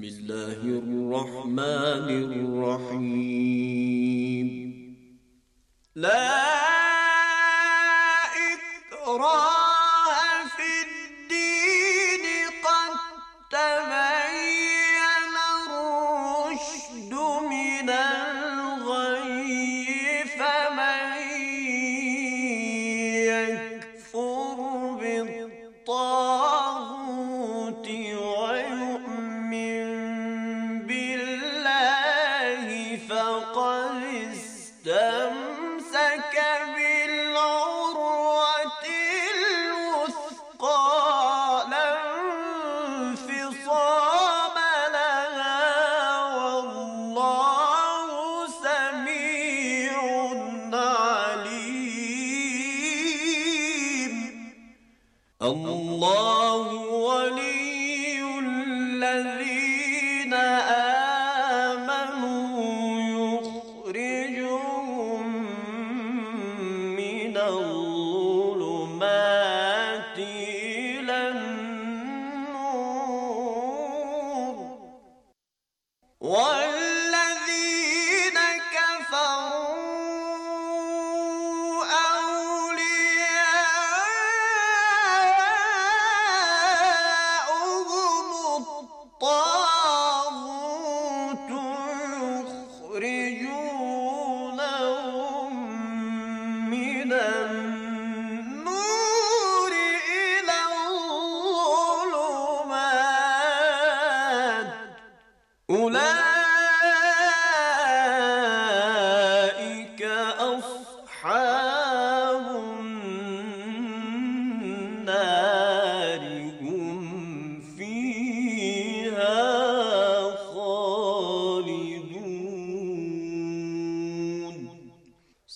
بسم الله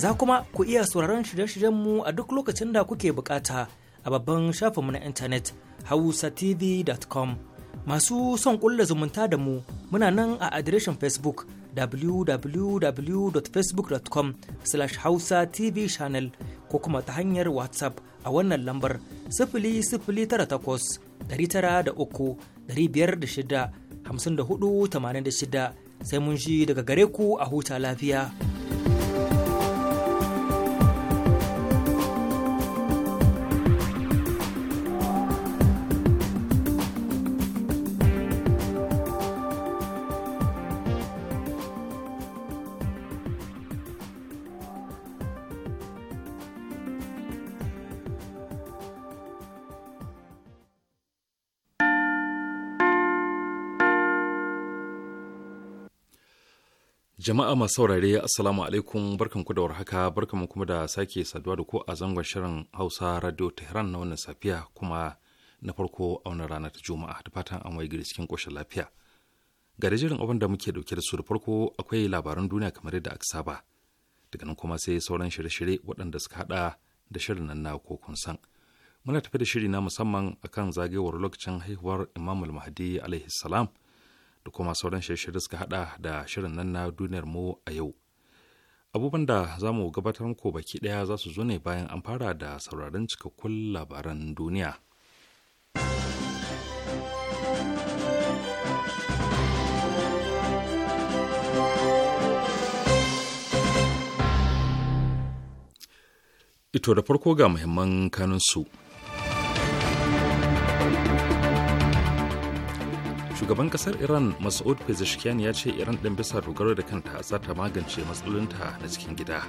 Za kuma ku iya sauraron shirye-shiryenmu a duk lokacin da kuke bukata a babban shafinmu na intanet hausatv.com. Masu son ƙulla zumunta da mu muna nan a adireshin Facebook www.facebook.com slash hausa tv channel ko kuma ta hanyar WhatsApp a wannan lambar 00983 506 5486 sai mun ji daga gare ku a huta lafiya. Jama'a masu saurare Assalamu alaikum barkanku da warhaka barkanku kuma da sake saduwa da ku a zangon shirin Hausa Radio Tehran na wannan safiya kuma na farko a wannan rana ta Juma'a da fatan an waye cikin koshin lafiya. Ga da jirin abin da muke dauke da su da farko akwai labaran duniya kamar yadda aka saba. Daga nan kuma sai sauran shirye-shirye waɗanda suka haɗa da shirin nan na ko kun san. Muna tafi da shiri na musamman akan zagayowar lokacin haihuwar Imamul Mahdi alaihi salam. da kuma sauran shirye-shirye suka hada da shirin nan na duniyar mu a yau. Abubuwan da za mu gabatar muku baki ɗaya za su zo ne bayan an fara da sauraron cikakkun labaran duniya. Ito da farko ga muhimman kanunsu. shugaban kasar iran masoud pezeshkian ya ce iran din bisa dogaro da kanta za ta magance matsalolinta na cikin gida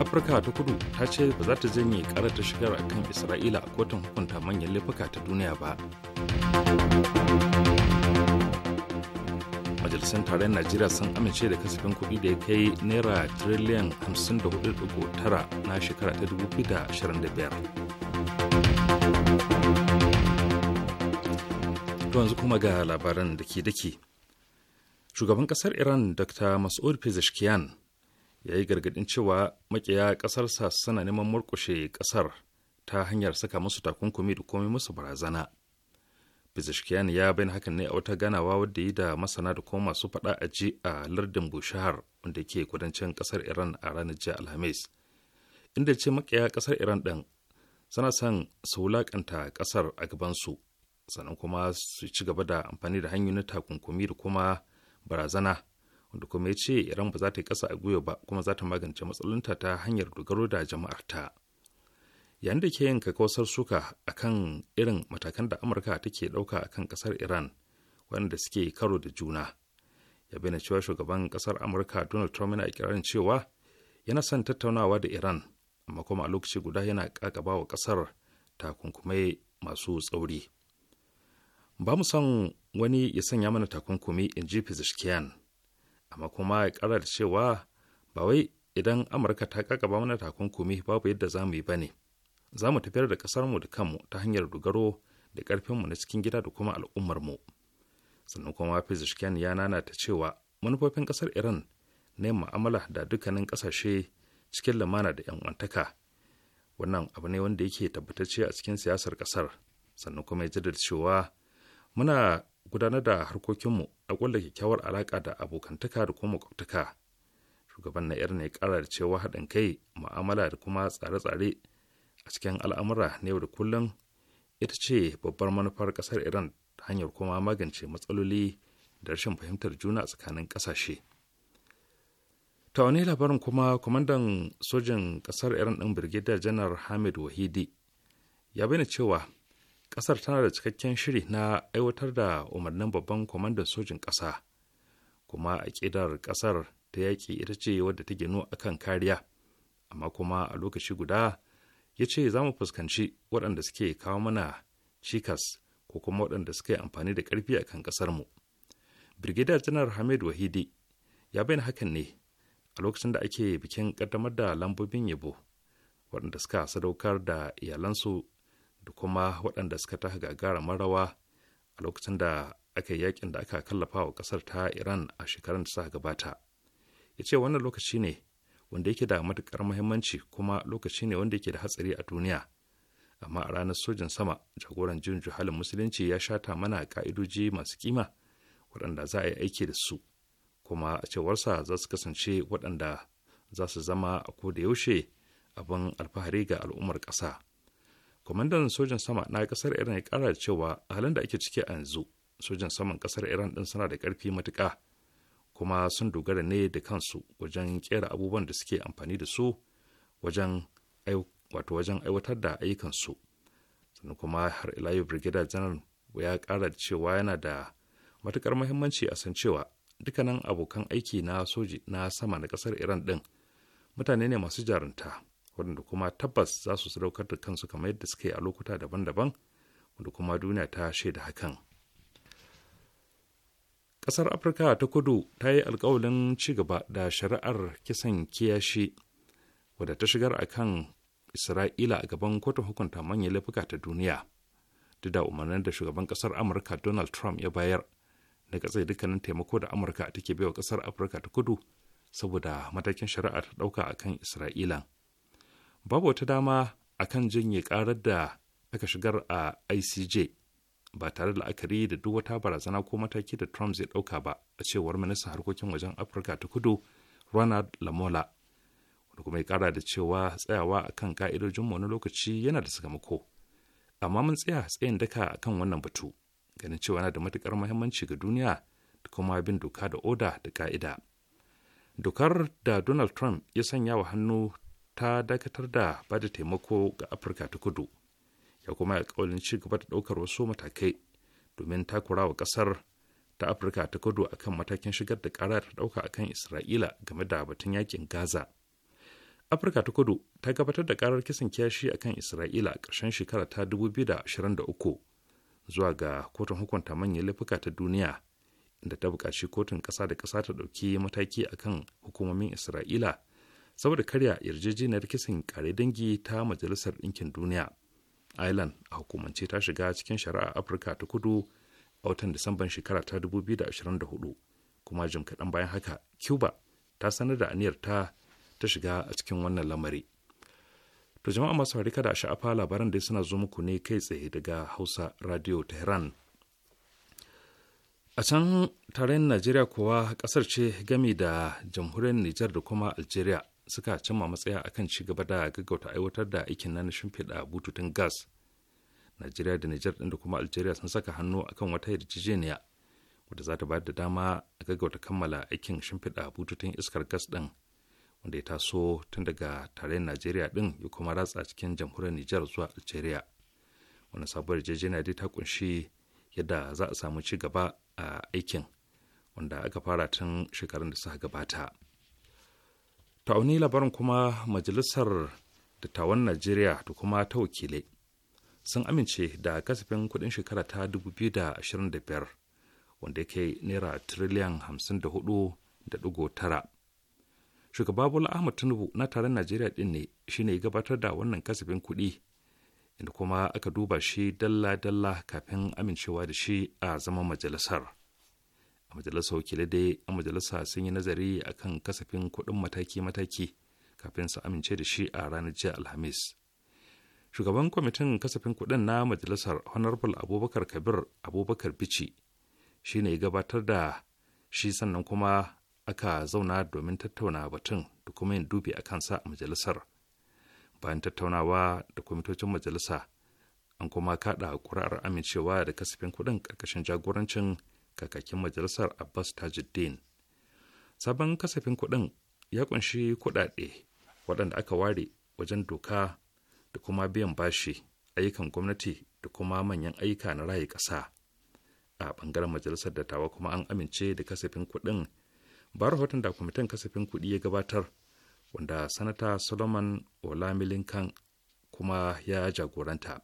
afirka ta kudu ta ce ba za ta janye karar ta shigar a kan isra'ila a kotun hukunta manyan laifuka ta duniya ba majalisar tarayyar najeriya sun amince da kasafin kuɗi da ya kai naira tiriliyan 54.9 na shekara ta 2025 To yanzu kuma ga labaran da ke dake. Shugaban kasar Iran Dr. Mas'ud Pezeshkian ya yi gargadin cewa makiya kasarsa suna neman murkushe kasar ta hanyar saka musu takunkumi da komai musu barazana. Pezeshkian ya bayyana hakan ne a wata ganawa wadda yi da masana da kuma masu faɗa a ji a lardin Bushahar wanda ke kudancin kasar Iran a ranar jiya Alhamis. Inda ce makiya kasar Iran ɗin suna son su wulaƙanta kasar a gabansu sannan kuma su ci gaba da amfani da hanyoyin takunkumi da kuma barazana wanda kuma ya ce iran ba za ta yi kasa a gwiwa ba kuma za ta magance matsalinta ta hanyar dogaro da jama'arta yayin da ke yin kakkausar suka akan irin matakan da amurka take ɗauka akan ƙasar iran wanda suke karo da juna ya bayyana cewa shugaban ƙasar amurka donald trump yana ikirarin cewa yana son tattaunawa da iran amma kuma a lokaci guda yana kakaba wa ƙasar takunkumai masu tsauri ba mu son wani ya sanya mana takunkumi in ji fizishkiyan amma kuma ya kara da cewa ba wai idan amurka ta kakaba mana takunkumi babu yadda za mu yi ba ne za mu tafiyar da ƙasarmu da kanmu ta hanyar dogaro da ƙarfinmu na cikin gida da kuma al'ummar mu sannan kuma fizishkiyan ya ta cewa manufofin ƙasar iran na ma'amala da dukkanin ƙasashe cikin lamana da 'yan wannan abu ne wanda yake tabbatacce a cikin siyasar ƙasar sannan kuma ya jaddada cewa muna gudanar da harkokinmu a kulle kyakkyawar alaƙa da abokantaka da kuma makwabtaka shugaban na ne ƙara da cewa haɗin kai mu'amala da kuma tsare-tsare a cikin al'amura na yau da kullum ita ce babbar manufar ƙasar iran hanyar kuma magance matsaloli da rashin fahimtar juna tsakanin ƙasashe ta wani labarin kuma kwamandan sojin ƙasar iran ɗin birgidar janar hamid wahidi ya bayyana cewa kasar tana da cikakken shiri na aiwatar da umarnin babban kwamandan sojin ƙasa kuma a aƙidar ƙasar ta yaƙi ita ce wadda ta ginu akan kariya amma kuma a lokaci guda ya ce za mu fuskanci waɗanda suke kawo mana cikas ko kuma waɗanda suka yi amfani da ƙarfi a kan ƙasarmu. Brigadier Janar Hamid Wahidi ya bayyana hakan ne a lokacin da ake bikin ƙaddamar da lambobin yabo waɗanda suka sadaukar da iyalansu da kuma waɗanda suka ta gagara marawa a lokacin da aka yi yakin da aka kallafa wa ƙasar ta iran a shekarun da suka gabata ya ce wannan lokaci ne wanda yake da matuƙar muhimmanci kuma lokaci ne wanda yake da hatsari a duniya amma a ranar sojin sama jagoran jin juhalin musulunci ya shata mana ka'idoji masu kima waɗanda za a yi aiki da su kuma a cewarsa za su kasance waɗanda za su zama a da yaushe abin alfahari ga al'ummar ƙasa kwamandan sojan sama na kasar iran ya kara cewa a halin da ake ciki a yanzu sojan saman kasar iran din suna da karfi matuka kuma sun dogara ne da kansu wajen kera abubuwan da suke amfani da su wajen wato wajen aiwatar da ayyukansu sannan kuma har ila yau brigadier general ya kara cewa yana da matukar muhimmanci a san cewa dukkanin abokan aiki na soji na sama na kasar iran din mutane ne masu jarunta wadanda kuma tabbas za su sadaukar da kansu kamar yadda suke a lokuta daban-daban wanda kuma duniya ta shaida hakan ƙasar afirka ta kudu ta yi alkawalin ci gaba da shari'ar kisan kiyashi wadda ta shigar a kan isra'ila a gaban kotun hukunta manyan laifuka ta duniya duk da umarnin da shugaban ƙasar amurka donald trump ya bayar na katsai dukkanin taimako da amurka take baiwa ƙasar afirka ta kudu saboda matakin shari'ar ta ɗauka a kan isra'ila babu wata dama a akan janye karar da aka shigar a ICJ ba tare da la'akari da duk wata barazana ko mataki da Trump zai ɗauka ba a cewar minista harkokin wajen Afirka ta kudu Ronald Lamola. Wanda kuma ya kara da cewa tsayawa a kan ka'idojin mu wani lokaci yana da sakamako. Amma mun tsaya tsayin daka a kan wannan batu ganin cewa yana da matukar muhimmanci ga duniya da kuma bin doka da oda da ka'ida. Dokar da Donald Trump ya sanya wa hannu ta dakatar da ba da taimako ga afirka ta kudu ya kuma kaulin ci gaba da ɗaukar wasu matakai domin wa ƙasar ta afirka ta kudu akan matakin shigar da ƙara ta ɗauka akan isra'ila game da batun yakin gaza afirka ta kudu ta gabatar da karar kisan kiyashi akan isra'ila a ƙarshen shekara ta 2023 zuwa ga kotun hukunta manyan laifuka ta duniya inda ta buƙaci kotun ƙasa da ƙasa ta ɗauki mataki akan hukumomin isra'ila saboda karya yarjejeniyar kisan kare dangi ta majalisar ɗinkin duniya ireland a hukumance ta shiga cikin shari'a afirka ta kudu a watan disamban shekara ta 2024 kuma jim kaɗan bayan haka cuba ta sanar da aniyar ta ta shiga a cikin wannan lamari to jama'a masu harika da sha'afa labaran dai suna zo muku ne kai tsaye daga hausa radio tehran a can tarayyar najeriya kowa kasar ce gami da jamhuriyar nijar da kuma algeria suka cimma matsaya akan ci gaba da gaggauta aiwatar da aikin na shimfiɗa bututun gas najeriya da nijar ɗin da kuma algeria sun saka hannu akan wata yarjejeniya wadda za ta bayar da dama a gaggauta kammala aikin shimfiɗa bututun iskar gas ɗin wanda ya taso tun daga tarayyar najeriya ɗin ya kuma ratsa cikin jamhuriyar nijar zuwa algeria wani sabuwar yarjejeniya dai ta kunshi yadda za a samu ci gaba a aikin wanda aka fara tun shekarun da suka gabata. ta wani labarin kuma majalisar dattawan najeriya da kuma ta wakilai sun amince da kasafin kudin shekara ta 2025 wanda yake naira triliyan 54.9 shugaba bola ahmad tinubu na taron najeriya din ne shine gabatar da wannan kasafin kudi inda kuma aka duba shi dalla-dalla kafin amincewa da shi a zaman majalisar a majalisar wakilai dai a majalisa sun yi nazari akan kasafin kuɗin mataki-mataki kafin su amince da shi a ranar jiya alhamis shugaban kwamitin kasafin kuɗin na majalisar honorable abubakar kabir abubakar bici shi ne gabatar da shi sannan kuma aka zauna domin tattauna batun da kuma yin dubi a kansa a majalisar bayan tattaunawa da kwamitocin majalisa an kuma kaɗa ƙuri'ar amincewa da kasafin kuɗin ƙarƙashin jagorancin kakakin majalisar abbas tajuddin sabon kasafin kuɗin ya ƙunshi kuɗaɗe waɗanda aka ware wajen doka da kuma biyan bashi ayyukan gwamnati da kuma manyan ayyuka na raye ƙasa a ɓangaren majalisar dattawa kuma an amince da kasafin kuɗin ba rahoton da kwamitin kasafin kuɗi ya gabatar wanda sanata solomon olamilinkan kuma ya jagoranta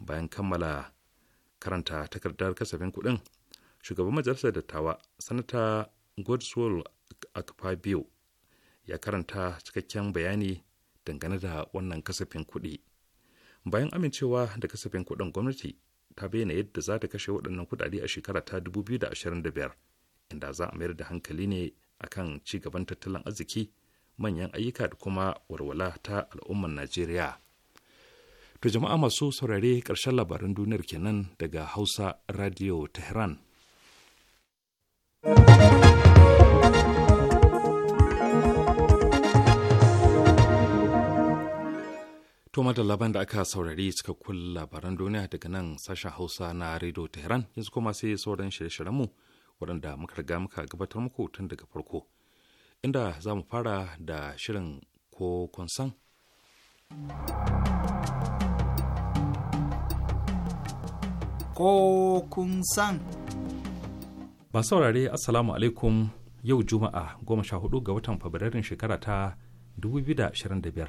bayan kammala karanta takardar kasafin kuɗin shugaban majalisar dattawa sanata godswell akpabio ya karanta cikakken bayani dangane da wannan kasafin kuɗi bayan amincewa da kasafin kuɗin gwamnati ta bayyana yadda za ta kashe waɗannan kuɗaɗe a shekara ta 2025 inda za a mayar da hankali ne akan ci gaban tattalin arziki manyan ayyuka da kuma walwala ta al'ummar najeriya to jama'a masu saurare karshen labaran duniyar kenan daga hausa radio tehran To da laban da aka saurari suka cikakkun labaran duniya daga nan sashen Hausa na Radio Tehran yanzu kuma sai sauran shirye-shiryenmu waɗanda muka riga muka gabatar muku tun daga farko. Inda za mu fara da shirin ko kun san. Ko kun san. masu saurare assalamu alaikum yau juma'a goma sha hudu ga watan fabrairun shekara ta 2025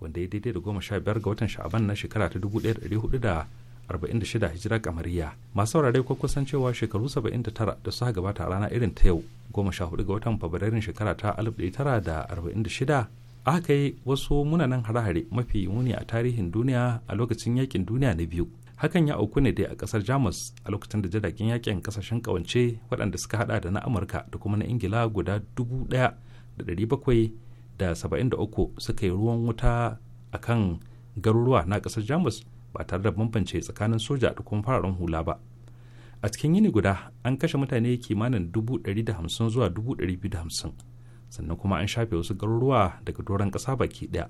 wanda ya daidai da goma sha biyar ga watan sha'aban na shekara ta 1446 hijira kamariya masu saurare ko kusan cewa shekaru 79 da suka gabata a rana irin ta yau goma sha hudu ga watan fabrairun shekara ta 1946 aka yi wasu munanan hare-hare mafi muni a tarihin duniya a lokacin yakin duniya na biyu hakan ya auku ne dai a kasar jamus a lokacin da jiragen yakin kasashen kawance waɗanda suka hada da na amurka da kuma na ingila guda da 1773 suka yi ruwan wuta a kan garuruwa na kasar jamus ba tare da bambance tsakanin soja da kuma fararen hula ba a cikin yini guda an kashe mutane kimanin 150 zuwa 250 sannan kuma an shafe wasu garuruwa daga doron ƙasa baki ɗaya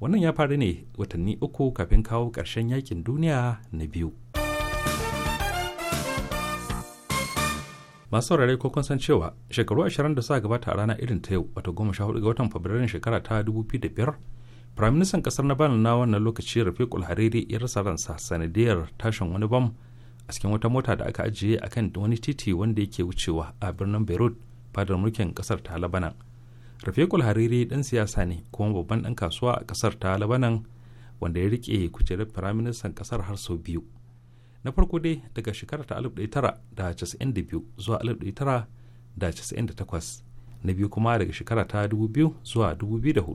wannan ya faru ne watanni uku kafin kawo ƙarshen yakin duniya na biyu masu saurare ko kun san cewa shekaru 20 da suka gabata a rana irin ta yau wato 14 ga watan fabrairun shekara ta 2005 prime minister kasar na bana na wannan lokaci rufe hariri ya rasa ransa sanadiyar tashin wani bam a cikin wata mota da aka ajiye akan wani titi wanda yake wucewa a birnin beirut fadar mulkin kasar ta labanan rafiqul hariri dan siyasa ne kuma babban dan kasuwa a kasar ta labanan wanda ya rike kujerar firaministan kasar har sau biyu na farko dai daga shekarar ta 1992 zuwa 1998 na biyu kuma daga shekara ta 2000 zuwa 2004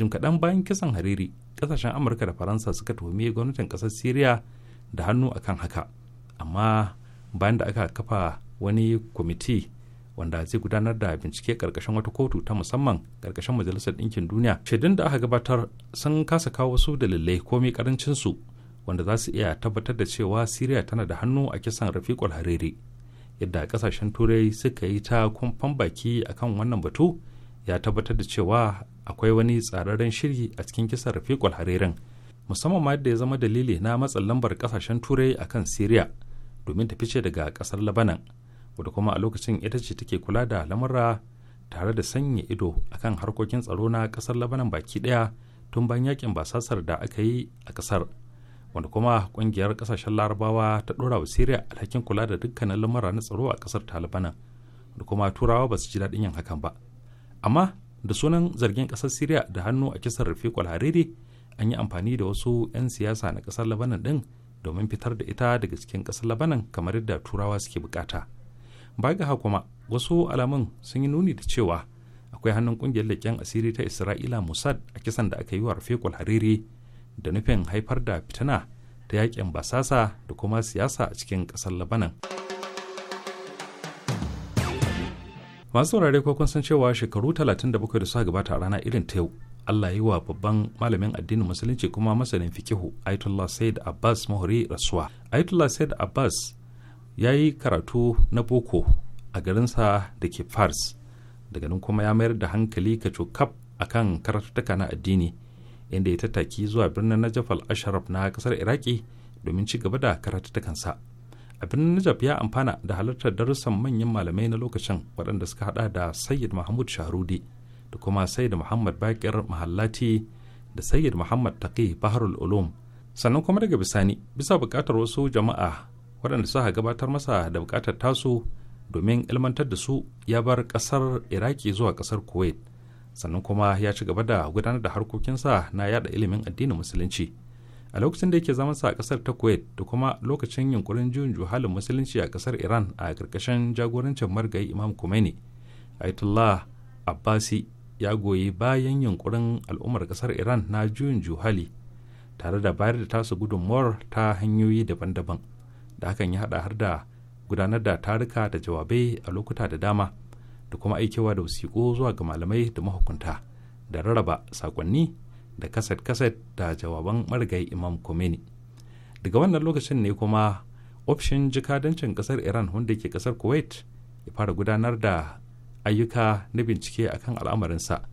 jim kaɗan bayan kisan hariri ƙasashen amurka da faransa suka tuhumi gwamnatin ƙasar syria da hannu akan haka amma bayan da aka kafa wani kwamiti wanda zai gudanar da bincike karkashin wata kotu ta musamman karkashin majalisar ɗinkin duniya shaidun da aka gabatar sun kasa kawo wasu dalilai komai karancin su wanda za su iya tabbatar da cewa siriya tana da hannu a kisan rafiqul hariri yadda kasashen turai suka yi ta kumfan baki akan wannan batu ya tabbatar da cewa akwai wani tsararren shiri a cikin kisan rafiqul haririn musamman ma yadda ya zama dalili na matsin lambar kasashen turai akan siriya domin ta fice daga kasar labanan wadda kuma a lokacin ita ce take kula da lamura tare da sanya ido akan harkokin tsaro na kasar labanan baki daya tun bayan yakin basasar da aka yi a kasar wanda kuma kungiyar kasashen larabawa ta dora wa siriya alhakin kula da dukkanin lamura na tsaro a kasar ta labanan da kuma turawa ba su ji daɗin yin hakan ba amma da sunan zargin kasar siriya da hannu a kisar rufe hariri an yi amfani da wasu 'yan siyasa na kasar labanan din domin fitar da ita daga cikin kasar labanan kamar yadda turawa suke bukata. ba ga kuma wasu alamun sun yi nuni da cewa akwai hannun kungiyar leƙen asiri ta isra'ila mossad a kisan da aka yi wa rafiqul hariri da nufin haifar da fitina ta yakin basasa da kuma siyasa a cikin ƙasar labanan masu saurare ko kun san cewa shekaru 37 da suka gabata a rana irin ta yau Allah yi wa babban malamin addinin musulunci kuma masanin fikihu Ayatollah Said Abbas Muhri rasuwa. Ayatollah Said Abbas ya yi karatu na boko a garinsa da ke fars daga nan kuma ya mayar da hankali ka cokaf a kan karatuttuka na addini inda ya tattaki zuwa birnin najaf al-asharaf na kasar iraki domin ci gaba da karatuttukansa a birnin najaf ya amfana da halartar darussan manyan malamai na lokacin waɗanda suka hada da sayyid mahmud shahrudi da kuma sayyid muhammad bakir mahallati da sayyid muhammad taqi baharul ulum sannan kuma daga bisani bisa bukatar wasu jama'a waɗanda suka gabatar masa da buƙatar tasu domin ilmantar da su ya bar ƙasar iraki zuwa ƙasar kuwait sannan kuma ya ci gaba da gudanar da harkokinsa na yada ilimin addinin musulunci a lokacin da yake zama sa a ƙasar ta kuwait da kuma lokacin yunkurin juyin juhalin musulunci a ƙasar iran a ƙarƙashin jagorancin margayi imam khomeini ayatollah abbasi ya goyi bayan yunkurin al'ummar ƙasar iran na juyin juhali tare da bayar da tasu gudunmuwar ta hanyoyi daban-daban da hakan ya haɗa har da gudanar da taruka da jawabai a lokuta da dama da kuma aikewa da wasiƙo zuwa ga malamai da mahukunta da rarraba saƙonni da kaset-kaset da jawaban marigayi imam komeni daga wannan lokacin ne kuma ofishin jikadancin ƙasar iran wanda ke ƙasar kuwait ya fara gudanar da ayyuka na bincike akan al'amarinsa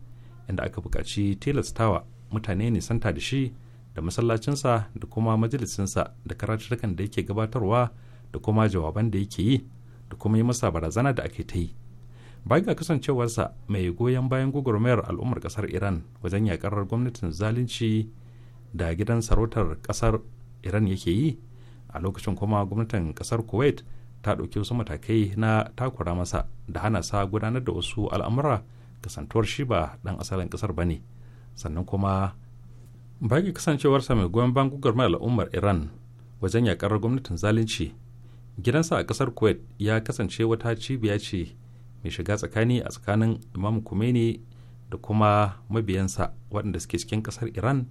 inda aka buƙaci tilastawa mutane ne nisanta da shi da masallacinsa da kuma majalisinsa da karatukan da yake gabatarwa da kuma jawaban da yake yi da kuma yi masa barazana da ake ta yi bayan ga kasancewarsa mai goyon bayan gwagwarmayar al'ummar kasar iran wajen yakar gwamnatin zalunci da gidan sarautar kasar iran yake yi a lokacin kuma gwamnatin kasar kuwait ta ɗauki wasu matakai na takura masa da hana sa gudanar da wasu al'amura kasantuwar shi ba ɗan asalin ƙasar ba ne sannan kuma baki kasancewarsa mai goyon bayan gugurmar al'ummar iran wajen yakar gwamnatin zalunci gidansa a kasar kuwait ya kasance wata cibiya ce mai shiga tsakani a tsakanin imam kumeni da kuma mabiyansa waɗanda suke cikin kasar iran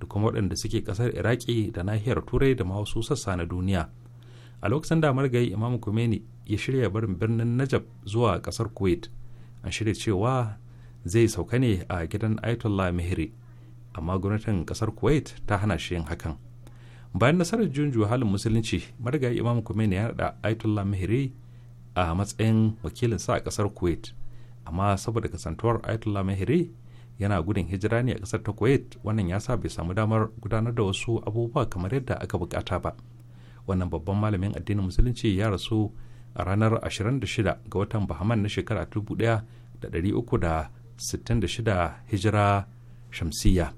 da kuma waɗanda suke kasar iraki da nahiyar turai da ma wasu sassa na duniya a lokacin da margayi imam kumeni ya shirya barin birnin najab zuwa kasar kuwait an shirya cewa zai sauka ne a gidan ayatollah mihri amma gwamnatin kasar kuwait ta hana shi yin hakan bayan nasarar juyin halin musulunci marigayi imam khomeini ya naɗa ayatollah mihri a matsayin wakilin sa a kasar kuwait amma saboda kasantuwar ayatollah mihri yana gudun hijira ne a kasar ta kuwait wannan ya sa bai samu damar gudanar da wasu abubuwa kamar yadda aka bukata ba wannan babban malamin addinin musulunci ya rasu a ranar 26 ga watan bahaman na shekara 1366 hijira shamsiyya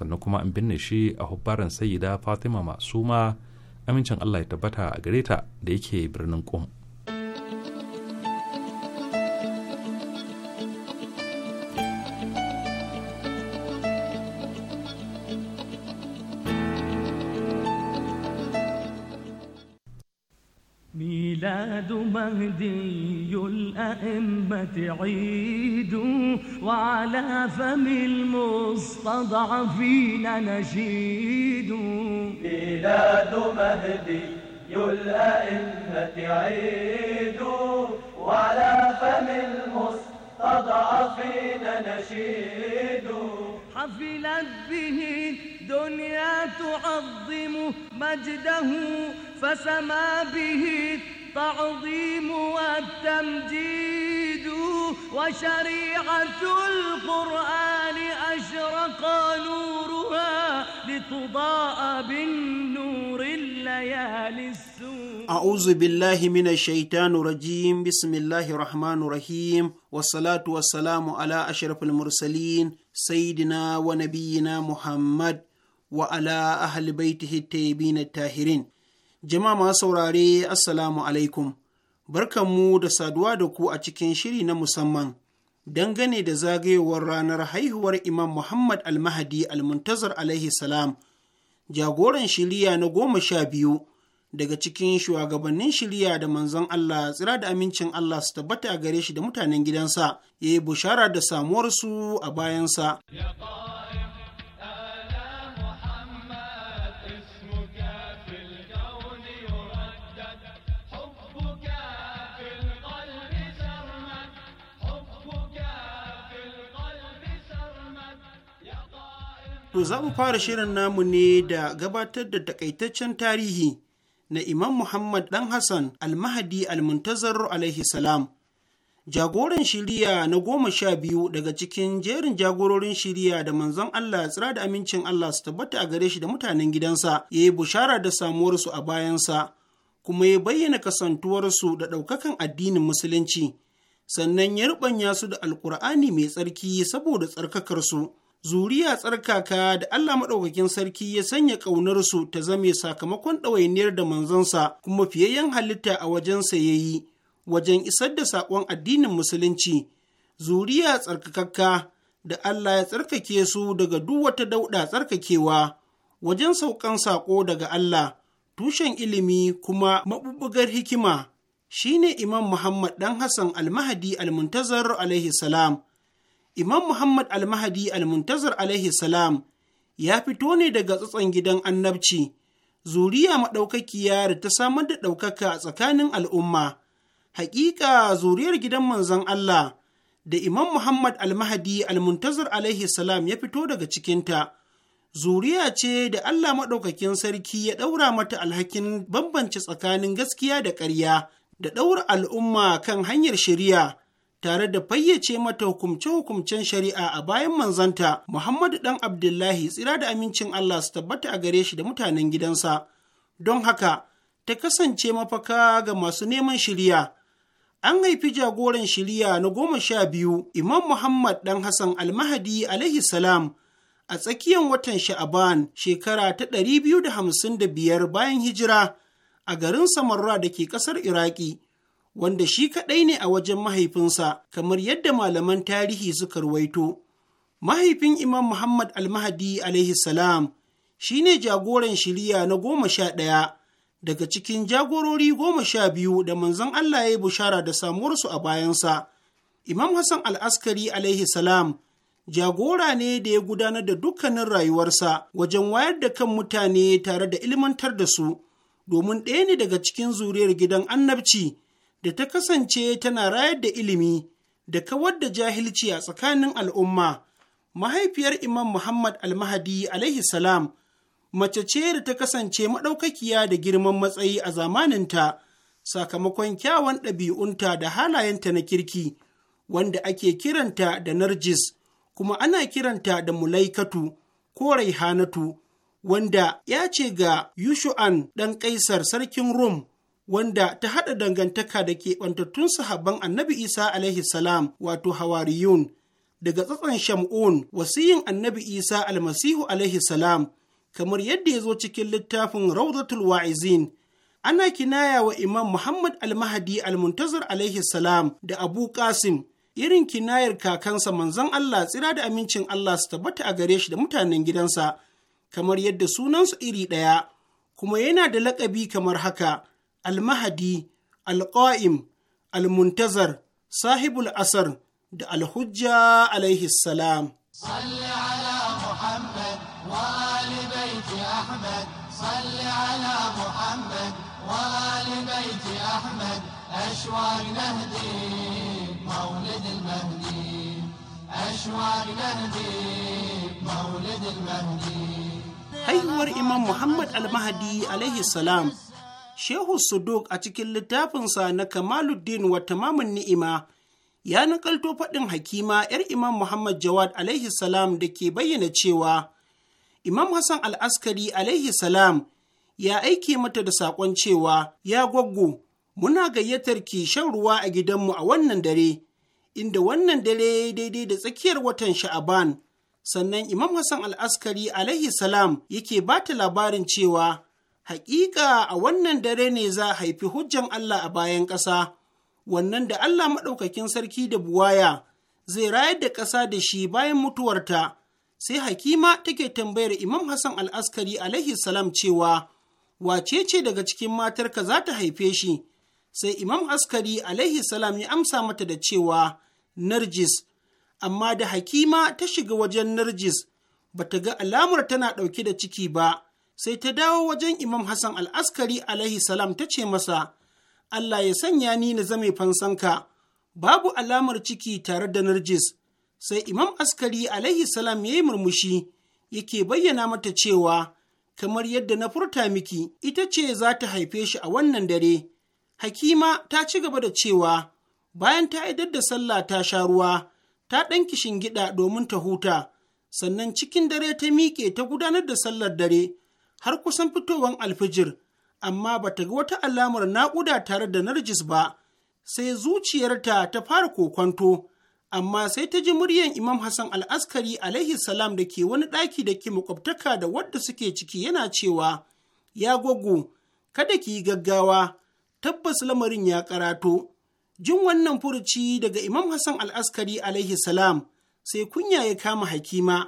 sannan kuma an binne shi a hubbaran sayyida fatima masu ma amincin allah ya tabbata a gare ta da yake birnin ƙum مهدي الأئمة عيد وعلى فم المستضعفين نشيد ميلاد مهدي الأئمة عيد وعلى فم المستضعفين نشيد حفلت به دنيا تعظم مجده فسما به التعظيم والتمجيد وشريعة القرآن أشرق نورها لتضاء بالنور الليالي السود أعوذ بالله من الشيطان الرجيم بسم الله الرحمن الرحيم والصلاة والسلام على أشرف المرسلين سيدنا ونبينا محمد وعلى أهل بيته الطيبين الطاهرين Jama'a masu saurare Assalamu alaikum, barkanmu da saduwa da ku a cikin shiri na musamman dangane da zagayowar ranar haihuwar Imam Muhammad Almahadi Almuntazar alaihi salam, jagoran shiriya na goma sha biyu daga cikin shugabannin shiriya da manzon Allah tsira da amincin Allah su tabbata a gare shi da mutanen gidansa, ya yi bushara da samuwarsu a bayansa. To za mu fara shirin namu ne da gabatar da takaitaccen tarihi na Imam Muhammad ɗan Hassan almahadi almuntazar alaihi salam. Jagoran shiriya na goma sha biyu daga cikin jerin jagororin shiriya da manzon Allah tsira da amincin Allah su tabbata a gare shi da mutanen gidansa ya yi bushara da samuwarsu a bayansa kuma ya bayyana kasantuwarsu da ɗaukakan addinin musulunci sannan ya ruɓanya su da alkur'ani mai tsarki saboda tsarkakarsu. zuriya tsarkaka da Allah maɗaukakin sarki ya sanya ƙaunarsu ta zame sakamakon ɗawainiyar da manzansa kuma fiyayyen halitta a wajensa ya yi wajen isar da saƙon addinin musulunci zuriya tsarkakakka da Allah ya tsarkake su daga duk wata dauɗa tsarkakewa wajen saukan saƙo daga Allah tushen ilimi kuma maɓuɓɓugar hikima shine Imam Muhammad ɗan Hassan almahadi almuntazar alaihi salam Imam Muhammad Almahadi Almuntazar alaihi salam ya fito ne daga tsatson gidan annabci, zuriya maɗaukakiya da ta samar da ɗaukaka a tsakanin al'umma. Hakika zuriyar gidan manzon Allah da Imam Muhammad Almahadi Almuntazar alaihi salam ya fito daga cikinta. Zuriya ce da Allah maɗaukakin sarki ya ɗaura mata alhakin bambance tsakanin gaskiya da ƙarya da ɗaura al'umma kan hanyar shari'a. tare da fayyace mata hukumce-hukumcen shari'a a bayan manzanta Muhammadu ɗan Abdullahi tsira da amincin Allah su tabbata a gare shi da mutanen gidansa. Don haka, ta kasance mafaka ga masu neman shirya. An haifi jagoran shiriya na goma sha biyu, Imam Muhammad ɗan Hassan Almahadi alaihi salam a tsakiyar watan Sha'aban shekara ta ɗari biyu da hamsin da biyar bayan hijira a garin Samarra da ke ƙasar Iraki. wanda shi kaɗai ne a wajen mahaifinsa kamar yadda malaman tarihi suka ruwaito. Mahaifin Imam Muhammad Almahadi alaihi salam shi ne jagoran shiriya na goma sha ɗaya daga cikin jagorori goma sha biyu da manzon Allah ya yi bushara da samuwarsu a bayansa. Imam Hassan Al'askari alaihi salam jagora ne da ya gudanar da dukkanin rayuwarsa wajen wayar da kan mutane tare da ilmantar da su, domin ɗaya ne daga cikin zuriyar gidan annabci. da ta kasance tana rayar da ilimi da kawar da jahilci a tsakanin al'umma, mahaifiyar Imam Muhammad Almahadi alaihi salam mace ce da ta kasance maɗaukakiya da girman matsayi a zamaninta sakamakon kyawun ɗabi'unta da halayenta na kirki, wanda ake kiranta da Narjis, kuma ana kiranta da Mulaikatu ko Raihanatu, wanda ya ce ga Yushu'an ɗan ƙaisar sarkin Rum wanda ta haɗa dangantaka da keɓantattun sahabban annabi isa alaihi salam wato hawariyun daga tsatson shamun wasiyin annabi isa almasihu alaihi salam kamar yadda ya zo cikin littafin rauzatul wa'izin ana kinaya wa imam muhammad almahadi almuntazar alaihi salam da abu qasim irin kinayar kakansa manzon allah tsira da amincin allah su tabbata a gare shi da mutanen gidansa kamar yadda sunansu iri ɗaya kuma yana da laƙabi kamar haka المهدي القائم المنتظر صاحب الأسر الحجة عليه السلام صل على محمد وآل بيت أحمد صل على محمد وآل بيت أحمد أشوار نهدي مولد المهدي أشوار نهدي مولد المهدي أيوة الإمام محمد المهدي عليه السلام Shehu Suduk a cikin littafinsa na Kamaluddin wa tamamin ni'ima ya nakalto faɗin hakima 'yar Imam Muhammad Jawad alaihi salam da ke bayyana cewa Imam Hassan al'askari alaihi salam ya aike mata da saƙon cewa ya gwaggo muna gayyatar ki shan ruwa a gidanmu a wannan dare, inda wannan dare daidai da tsakiyar watan sha'aban. Sannan Imam Hassan al'askari alaihi salam yake ba ta labarin cewa Hakika a wannan dare ne za a haifi hujjan Allah a bayan ƙasa, wannan da Allah maɗaukakin sarki da buwaya zai rayar da ƙasa da shi bayan mutuwarta, sai hakima take tambayar Imam Hassan al'askari alaihi salam cewa, wace ce daga cikin matarka za ta haife shi? Sai Imam Askari alaihi salam ya amsa mata da cewa, Narjis, amma da hakima ta shiga wajen Narjis, ta ga alamar tana ɗauke da ciki ba. sai ta dawo wajen Imam Hassan al'askari alaihi salam ta ce masa, Allah ya sanya ni na zame fansanka, babu alamar ciki tare da Narjis, sai Imam Askari alaihi salam ya yi murmushi, yake bayyana mata cewa, kamar yadda na furta miki, ita ce za ta haife shi a wannan dare. Hakima ta ci gaba da cewa, bayan ta idar da sallah ta sha ruwa, ta ɗan kishin gida domin ta huta, sannan cikin dare ta miƙe ta gudanar da sallar dare. har kusan fitowan alfijir, amma ba ta ga wata alamar naƙuda tare da Narjis ba, sai zuciyarta ta fara kokonto, amma sai ta ji muryan Imam Hassan al'askari alaihi salam da ke wani ɗaki da ke makwabtaka da wadda suke ciki yana cewa, Ya gwaggo kada ki yi gaggawa, tabbas lamarin ya karato. Jin wannan furuci daga Imam Hassan al'askari alaihi salam, sai kunya ya kama hakima.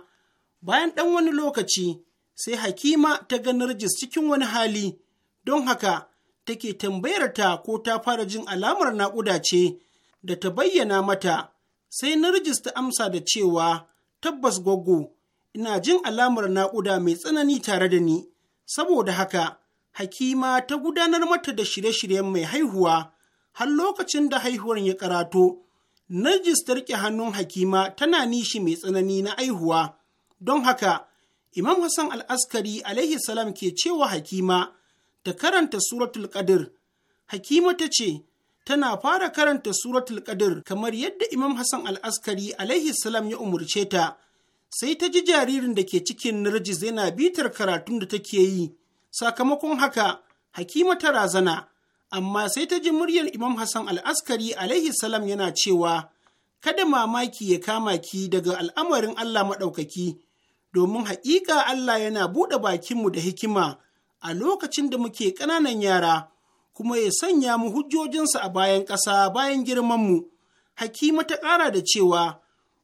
Bayan ɗan wani lokaci, sai Hakima ta ga Narjis cikin wani hali, don haka take tambayar ta ko ta fara jin alamar naƙuda ce da ta bayyana mata, sai Narjis ta amsa da cewa tabbas gwaggo, ina jin alamar naƙuda mai tsanani tare da ni, saboda haka Hakima ta gudanar mata da shirye-shiryen mai haihuwa har lokacin da haihuwar ya karato. Narjis ta riƙe hannun Hakima tana nishi mai tsanani na aihuwa, don haka Imam Hassan al'askari alaihi salam ke cewa Hakima ta karanta suratul Qadir. Hakima ta ce, tana fara karanta suratul Qadir kamar yadda Imam Hassan al'askari alaihi salam ya umarce ta, sai ta ji jaririn da ke cikin nirjis yana bitar karatun da take yi. Sakamakon haka, Hakima ta razana, amma sai ta ji muryar Imam Hassan al'askari alaihi salam yana cewa, Kada mamaki ya kama ki daga al'amarin Allah maɗaukaki. domin haƙiƙa Allah yana buɗe bakinmu da hikima a lokacin da muke ƙananan yara, kuma ya sanya mu hujjojinsa a bayan ƙasa bayan girmanmu. Hakima ta ƙara da cewa,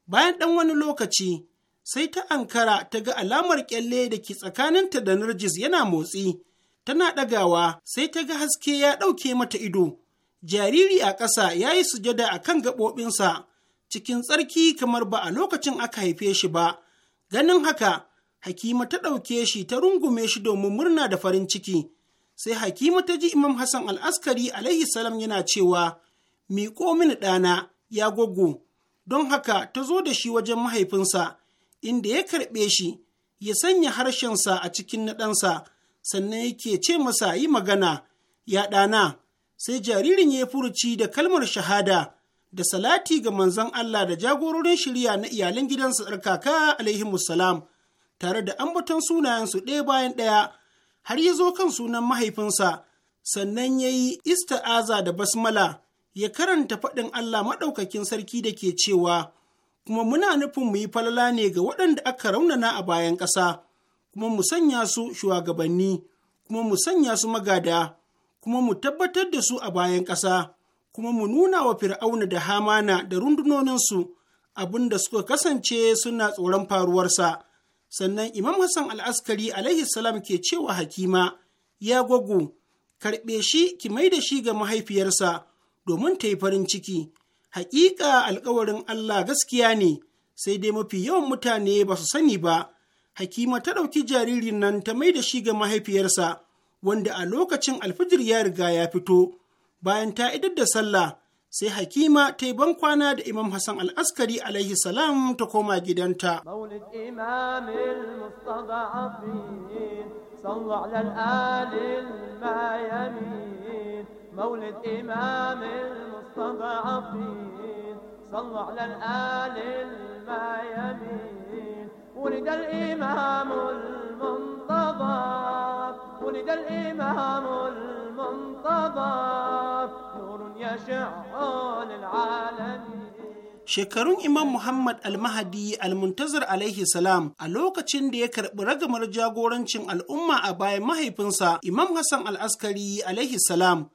bayan ɗan wani lokaci, sai ta ankara ta ga alamar ƙyalle da ke tsakaninta da Narjis yana motsi. Tana ɗagawa sai ta ga haske ya ɗauke mata ido. Jariri a ƙasa ya yi sujada a kan gaɓoɓinsa, cikin tsarki kamar ba a lokacin aka haife shi ba. Ganin haka, Hakima ta ɗauke shi ta rungume shi domin murna da farin ciki. Sai Hakima ta ji Imam Hassan al'askari alaihi salam yana cewa, Miƙo mini ɗana, ya goggo. Don haka ta zo da shi wajen mahaifinsa, inda ya karɓe shi, ya sanya harshensa a cikin na ɗansa, sannan yake ce masa yi magana, ya ɗana. Sai jaririn ya furuci da kalmar shahada, da salati ga manzon Allah da jagororin shirya na iyalan gidansa tsarkaka alaihimu salam tare da ambaton sunayensu ɗaya bayan ɗaya har ya zo kan sunan mahaifinsa sannan ya yi ista'aza da basmala ya karanta faɗin Allah maɗaukakin sarki da ke cewa kuma muna nufin mu yi falala ne ga waɗanda aka raunana a bayan ƙasa kuma mu sanya su shugabanni kuma mu sanya su magada kuma mu tabbatar da su a bayan ƙasa kuma mu nuna wa fir'auna da hamana da rundunoninsu abin da suka kasance suna tsoron faruwarsa sannan imam hassan al'askari alaihi salam ke cewa hakima ya gwagu karɓe shi ki mai da shi ga mahaifiyarsa domin ta yi farin ciki haƙiƙa alkawarin allah gaskiya ne sai dai mafi yawan mutane ba su sani ba hakima ta ɗauki jaririn nan ta mai da shi ga mahaifiyarsa wanda a lokacin alfijir ya riga ya fito bayan ta idar da sallah sai hakima ta yi bankwana da imam hassan al'askari alaihi salam ta koma gidanta صلى على الآل الميامين ولد الإمام المنتظر ولد الإمام المنتظر نور يشع للعالمين shekarun Imam Muhammad Al-Mahdi al-Muntazar alaihi salam a lokacin da ya karɓi ragamar jagorancin al'umma a bayan mahaifinsa Imam Hassan Al-Askari alaihi salam.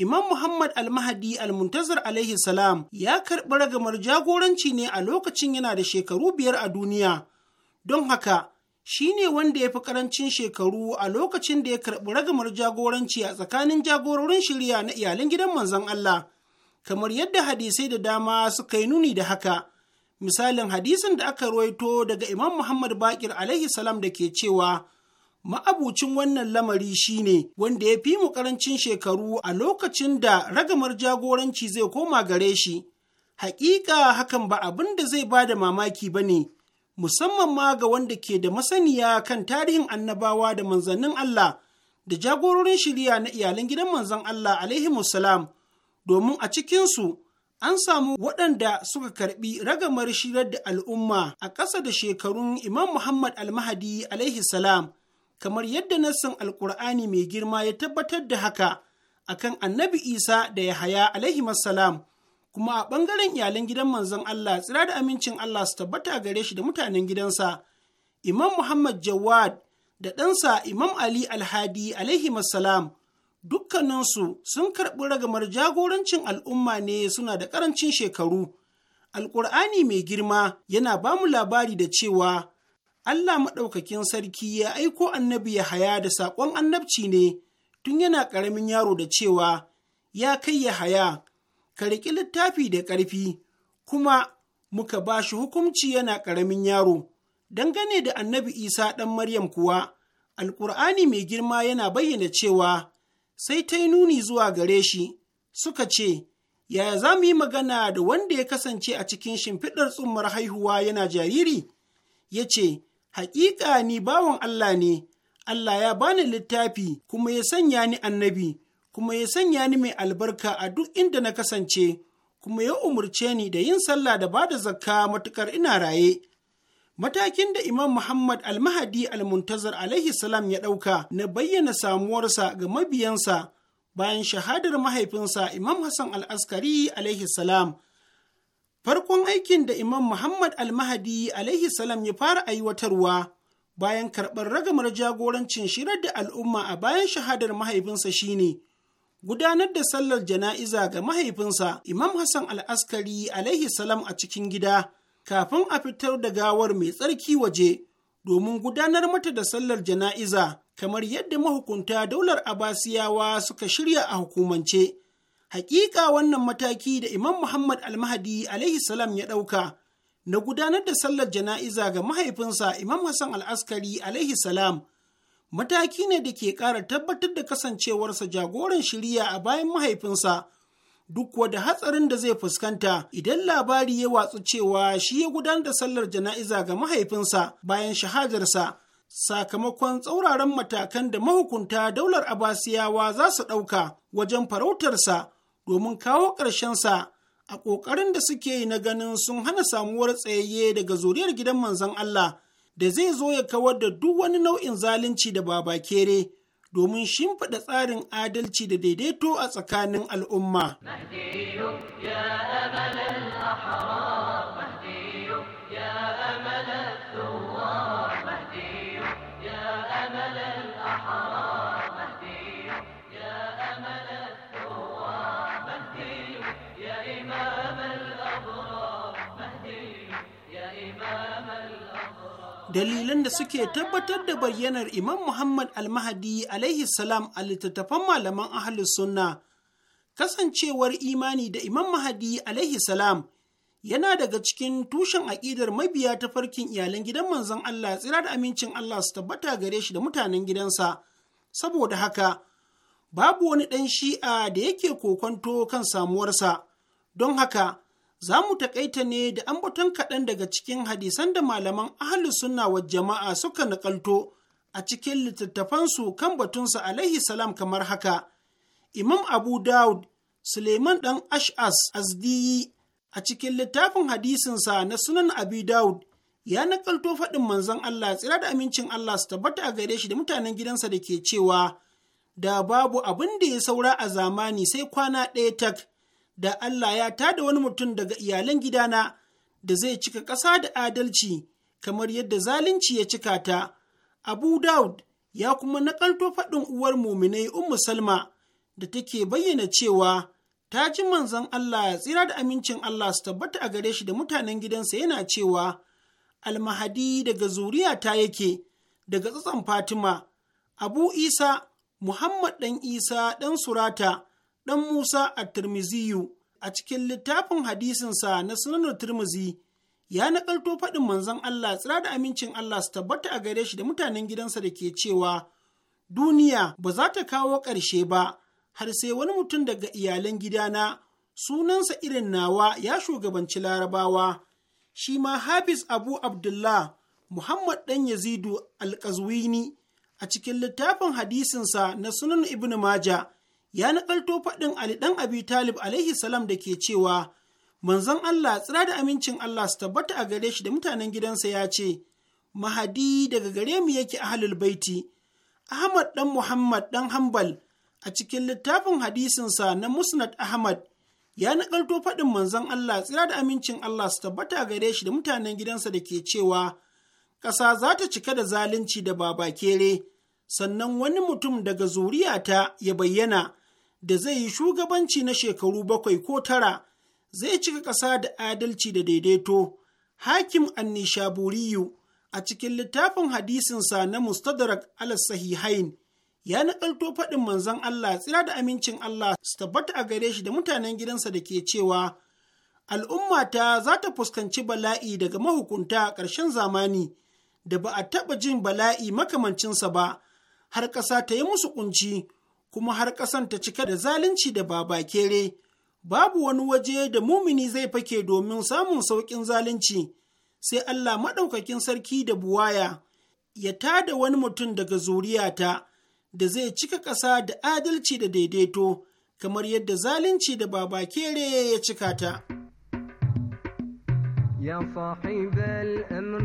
Imam Muhammad Al-Mahdi al-Muntazar alaihi salam ya karɓi ragamar jagoranci ne a lokacin yana da shekaru biyar a duniya. don haka shi ne wanda ya fi ƙarancin shekaru a lokacin da ya karɓi ragamar jagoranci a tsakanin jagororin shirya na iyalan gidan manzon Allah, kamar yadda hadisai da dama suka yi nuni da haka. Misalin hadisin da aka rawaito daga Imam Muhammad Bakir alaihi salam da ke cewa, Ma'abucin wannan lamari shi ne wanda ya fi mu ƙarancin shekaru a lokacin da ragamar jagoranci zai koma gare shi. Haƙiƙa hakan ba abin da zai ba da mamaki ba ne. musamman ma ga wanda ke da masaniya kan tarihin annabawa da manzannin Allah da jagororin shirya na iyalan gidan manzon Allah alaihi domin a cikinsu an samu waɗanda suka karɓi ragamar shirar da al'umma a ƙasa da shekarun Imam Muhammad Almahadi alaihi salam kamar yadda nassin Alƙur'ani mai girma ya tabbatar da haka akan Annabi Isa da Yahaya alaihi salam kuma a ɓangaren iyalan gidan manzon Allah tsira da amincin Allah su tabbata gare shi da mutanen gidansa Imam Muhammad Jawad da ɗansa Imam Ali Alhadi alaihi salam dukkaninsu sun karɓi ragamar jagorancin al'umma ne suna da ƙarancin shekaru. Alƙur'ani mai girma yana ba mu labari da cewa Allah maɗaukakin sarki ya aiko annabi ya haya da saƙon annabci ne tun yana ƙaramin yaro da cewa ya kai ya haya ka riƙi littafi da ƙarfi kuma muka ba shi hukumci yana ƙaramin yaro dangane da annabi isa ɗan maryam kuwa alƙur'ani mai girma yana bayyana cewa sai ta yi nuni zuwa gare shi suka ce yaya za mu yi magana da wanda ya kasance a cikin shimfiɗar tsummar haihuwa yana jariri ya ce haƙiƙa ni bawan allah ne allah ya bani littafi kuma ya sanya ni annabi kuma ya sanya ni mai albarka a duk inda na kasance, kuma ya umarce ni da yin sallah da bada zakka matukar ina raye. Matakin da Imam Muhammad Almahadi Almuntazar alaihi salam ya ɗauka na bayyana samuwarsa ga mabiyansa bayan shahadar mahaifinsa Imam Hassan Al-Askari alaihi salam. Farkon aikin da Imam Muhammad Almahadi alaihi salam ya fara aiwatarwa bayan karɓar ragamar jagorancin shirar da al'umma a bayan shahadar mahaifinsa shine gudanar da sallar jana'iza ga mahaifinsa Imam Hassan al'askari alaihi salam a cikin gida kafin a fitar da gawar mai tsarki waje domin gudanar mata da sallar jana'iza kamar yadda mahukunta daular Abasiyawa suka shirya a hukumance. Hakika wannan mataki da Imam Muhammad Almahadi alaihi salam ya ɗauka na gudanar da sallar jana'iza ga mahaifinsa Imam Hassan al'askari alaihi salam mataki ne da ke ƙara tabbatar da kasancewarsa jagoran shirya a bayan mahaifinsa duk kuwa da hatsarin da zai fuskanta idan labari ya watsu cewa shi ya gudanar da sallar jana'iza ga mahaifinsa bayan shahadarsa sakamakon tsauraran matakan da mahukunta daular abasiyawa za su ɗauka wajen farautarsa domin kawo ƙarshensa a ƙoƙarin da suke yi na ganin sun hana samuwar tsayayye daga zuriyar gidan manzon Allah da zai zo ya kawar da duk wani nau'in zalunci da babakere domin shimfiɗa tsarin adalci da daidaito a tsakanin al'umma. dalilan da suke tabbatar da bayyanar Imam Muhammad Almahadi alaihi salam a littattafan malaman ahalus sunna kasancewar imani da Imam Mahadi alaihi salam yana daga cikin tushen aƙidar mabiya ta farkin iyalan gidan manzon Allah tsira da amincin Allah su tabbata gare shi da mutanen gidansa saboda haka babu wani ɗan shi'a da yake kokonto kan samuwarsa don haka za mu taƙaita ne da ambaton kaɗan daga cikin hadisan da malaman ahalin sunna wa jama'a suka nakalto a cikin littattafansu kan batunsa alaihi salam kamar haka. Imam Abu Dawud, Suleiman ɗan Ash'as Azdiyi a cikin littafin hadisinsa na sunan Abi Dawud ya nakalto faɗin manzon Allah tsira da amincin Allah su tabbata a gare shi da mutanen gidansa da ke cewa da babu abin da ya saura a zamani sai kwana ɗaya tak. da Allah ya tada wani mutum daga iyalan gidana da zai cika ƙasa da adalci kamar yadda zalunci ya cika ta. Abu Dawud ya kuma nakalto faɗin uwar muminai Ummu Salma da take bayyana cewa ta ji manzon Allah ya tsira da amincin Allah su tabbata a gare shi da mutanen gidansa yana cewa almahadi daga zuriya ta yake daga tsatson Fatima Abu Isa Muhammad ɗan Isa ɗan Surata ɗan Musa a Tirmiziyu a cikin littafin hadisinsa na sunanar Tirmizi ya nakalto faɗin manzon Allah tsira da amincin Allah su tabbata a gare shi da mutanen gidansa da ke cewa duniya ba za ta kawo ƙarshe ba har sai wani mutum daga iyalan gidana sunansa irin nawa ya shugabanci larabawa shi ma hafiz abu abdullah muhammad ɗan yazidu alƙazwini a cikin littafin hadisinsa na sunan ibn maja ya nakalto faɗin Ali ɗan Abi Talib alaihi salam da ke cewa manzon Allah tsira da amincin Allah su tabbata a gare shi da mutanen gidansa ya ce Mahadi daga gare mu yake ahalul baiti Ahmad ɗan Muhammad ɗan Hambal a cikin littafin hadisinsa na Musnad Ahmad ya nakalto faɗin manzon Allah tsira da amincin Allah su tabbata a gare shi da mutanen gidansa da ke cewa ƙasa za ta cika da zalunci da babakere sannan wani mutum daga zuriyata ya bayyana da zai yi shugabanci na shekaru bakwai ko tara zai cika ƙasa da adalci da daidaito hakim annishaburiyu a cikin littafin hadisinsa na mustadrak al-sahihain ya nakalto faɗin manzon Allah tsira da amincin Allah su tabbata a gare shi da mutanen gidansa da ke cewa al'ummata za ta fuskanci bala'i daga mahukunta a ƙarshen zamani da ba a taɓa jin bala'i makamancinsa ba har ƙasa ta yi musu ƙunci kuma har ƙasan ta cika da zalunci da babakere babu wani waje da mumini zai fake domin samun sauƙin zalunci sai Allah maɗaukakin sarki da buwaya ya tada wani mutum daga zuriyata da zai cika ƙasa da adalci da daidaito kamar yadda zalunci da babakere ya cika ta. يا صاحب الأمر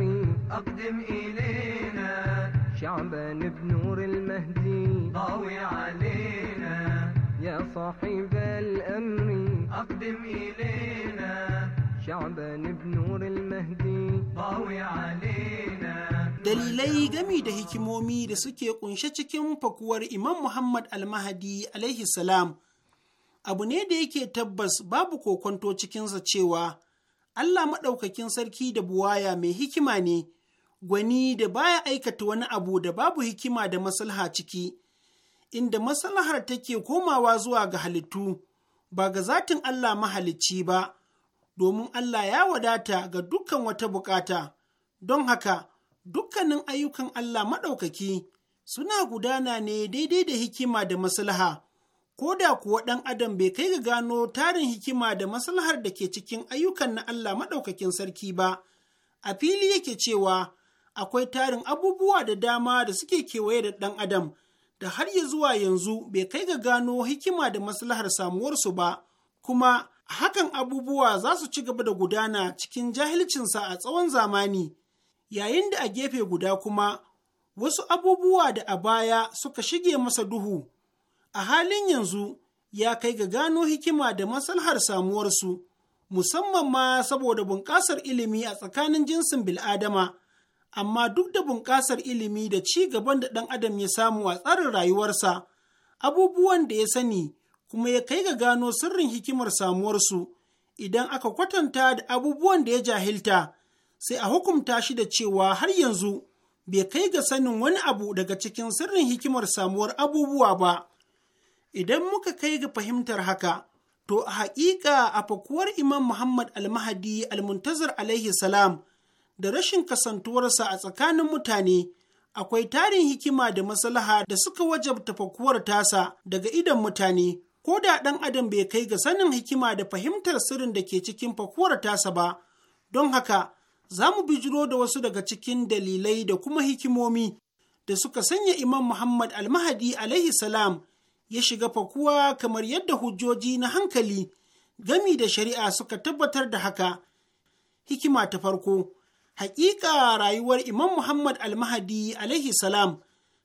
أقدم إلينا شعبان بنور المهدي ضاوي علينا يا صاحب الامر اقدم الينا شعبان بنور المهدي ضاوي علينا dalilai gami da hikimomi da suke kunshe cikin fakuwar Imam Muhammad Almahadi alaihi salam abu ne da yake tabbas babu kokonto cikinsa cewa Allah maɗaukakin sarki da buwaya mai hikima ne gwani da baya aikata wani abu da babu hikima da maslaha ciki, inda maslahar take komawa zuwa ga halittu, ba ga zatin Allah mahalicci ba, domin Allah ya wadata ga dukkan wata bukata, don haka dukkanin ayyukan Allah maɗaukaki suna gudana ne daidai da hikima da maslaha. ko da kuwa ɗan adam bai kai ga gano tarin hikima da maslahar da ke cikin ayyukan na Allah maɗaukakin sarki ba, a fili yake cewa akwai tarin abubuwa da dama da suke kewaye da ɗan adam da har ya zuwa yanzu bai kai ga gano hikima da maslahar samuwarsu ba kuma hakan abubuwa za su ci gaba da gudana cikin jahilcinsa a tsawon zamani yayin da a gefe guda kuma wasu abubuwa da a baya suka shige masa duhu a halin yanzu ya kai ga gano hikima da maslahar samuwarsu musamman ma saboda bunƙasar ilimi a tsakanin jinsin bil'adama amma duk da bunƙasar ilimi da ci gaban da ɗan adam ya samu a tsarin rayuwarsa abubuwan da ya sani kuma ya kai ga gano sirrin hikimar samuwarsu idan aka kwatanta da abubuwan da ya jahilta sai a hukumta shi da cewa har yanzu bai kai ga sanin wani abu daga cikin sirrin hikimar samuwar abubuwa ba idan muka kai ga fahimtar haka to a haƙiƙa a fakuwar imam muhammad almahadi almuntazar alaihi salam da rashin kasantuwarsa a tsakanin mutane akwai tarin hikima da maslaha da suka wajabta fakuwar tasa daga idon mutane ko da ɗan adam bai kai ga sanin hikima da fahimtar sirrin da ke cikin fakuwar tasa ba don haka za mu bijiro da wasu daga cikin dalilai da kuma hikimomi da suka sanya imam muhammad almahadi alaihi salam ya shiga fakuwa kamar yadda hujjoji na hankali gami da shari'a suka tabbatar da haka hikima ta farko Hakika rayuwar Imam Muhammad Almahadi alaihi salam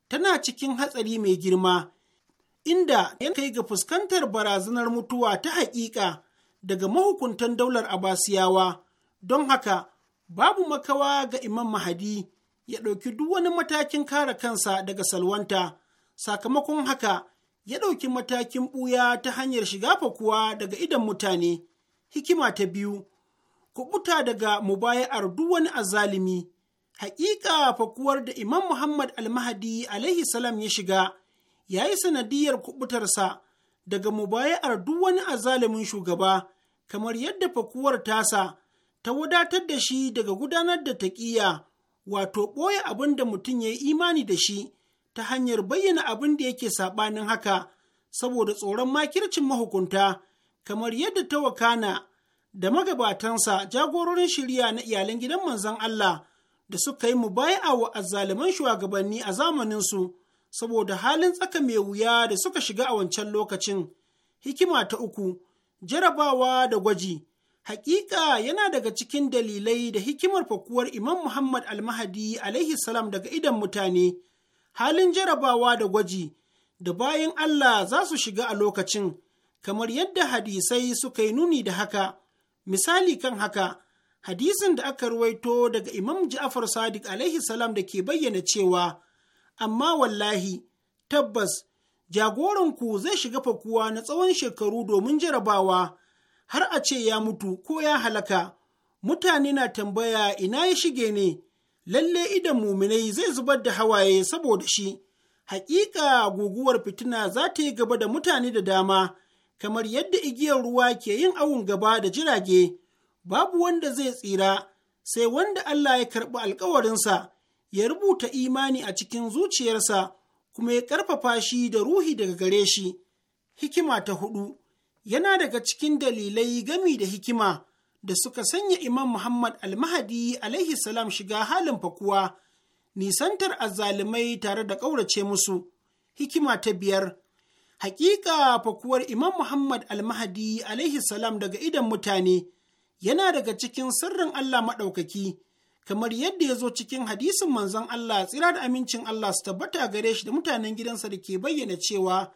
tana cikin hatsari mai girma, inda ya kai ga fuskantar barazanar mutuwa ta hakika daga mahukuntan daular Abasiyawa, don haka babu makawa ga Imam Mahadi ya ɗauki duk wani matakin kare kansa daga salwanta, sakamakon haka ya ɗauki matakin ɓuya ta hanyar shiga fakuwa daga idan mutane. Hikima ta biyu. kubuta daga mubaya'ar duk wani azalimi. haƙiƙa fakuwar da Imam Muhammad Almahadi alaihi salam ya shiga ya yi sanadiyar kubutarsa daga mubaya'ar duk wani azalimin shugaba, kamar yadda fakuwar tasa ta wadatar da shi daga gudanar da taƙiyya, wato ɓoye abin da mutum ya yi imani da shi ta hanyar bayyana abin da yake saɓanin haka, saboda tsoron makircin mahukunta, kamar yadda ta wakana. da magabatansa jagororin shirya na iyalan gidan manzon Allah da suka yi mubaya'a wa azzaliman shugabanni a zamaninsu saboda halin tsaka mai wuya da suka shiga a wancan lokacin. Hikima ta uku, jarabawa da gwaji. Hakika yana daga cikin dalilai da hikimar fakuwar Imam Muhammad Almahadi alaihi salam daga idan mutane, halin jarabawa da gwaji da bayan Allah za su shiga a lokacin, kamar yadda hadisai suka yi nuni da haka. Misali kan haka, hadisin da aka ruwaito daga Imam Ja'far Sadiq alaihi salam da ke bayyana cewa, Amma wallahi, tabbas, jagoranku zai shiga fakuwa na tsawon shekaru domin jarabawa, har a ce ya mutu ko ya halaka, mutane na tambaya ina ya shige ne, lalle idan muminai zai zubar da hawaye saboda shi, Haƙiƙa! guguwar fitina za ta yi gaba da mutane da dama. kamar yadda igiyar ruwa ke yin awon gaba da jirage, babu wanda zai tsira sai wanda Allah ya karɓi alkawarinsa, ya rubuta imani a cikin zuciyarsa, kuma ya ƙarfafa shi da ruhi daga gare shi. Hikima ta hudu yana daga cikin dalilai gami da hikima da suka sanya Imam Muhammad Almahadi alaihi salam shiga halin fakuwa, nisantar azzalumai tare da ƙaurace musu. Hikima ta biyar Hakika fakuwar Imam Muhammad Almahadi alaihi salam daga idan mutane yana daga cikin sirrin Allah maɗaukaki, kamar yadda ya zo cikin hadisin manzon Allah tsira da amincin Allah su tabbata gare shi da mutanen gidansa da ke bayyana cewa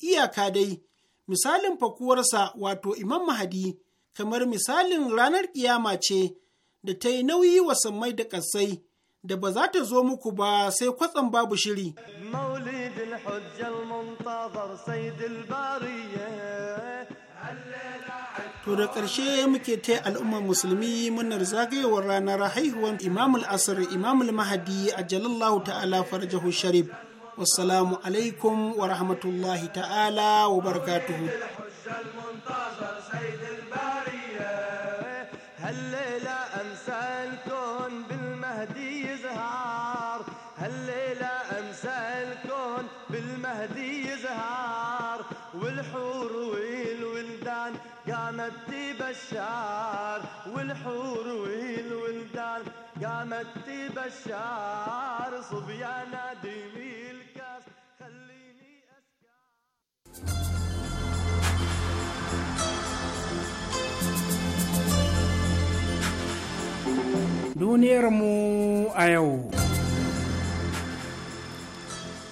iyaka dai misalin fakuwarsa wato Imam Mahadi kamar misalin ranar ƙiyama ce da ta yi nauyi wa sammai da ƙasai. da ba za ta zo muku ba sai kwatsam babu shiri. To da ƙarshe muke ta al'ummar musulmi munar zagayewar ranar haihuwar Imamul Asir Imamul Mahadi a Jalallahu ta'ala farjahu sharif. Wassalamu alaikum wa rahmatullahi ta'ala wa barakatuhu. تبشر والحور والولدان قامت تبشر صبيانا ديمي الكاس خليني أسكر duniyarmu a yau.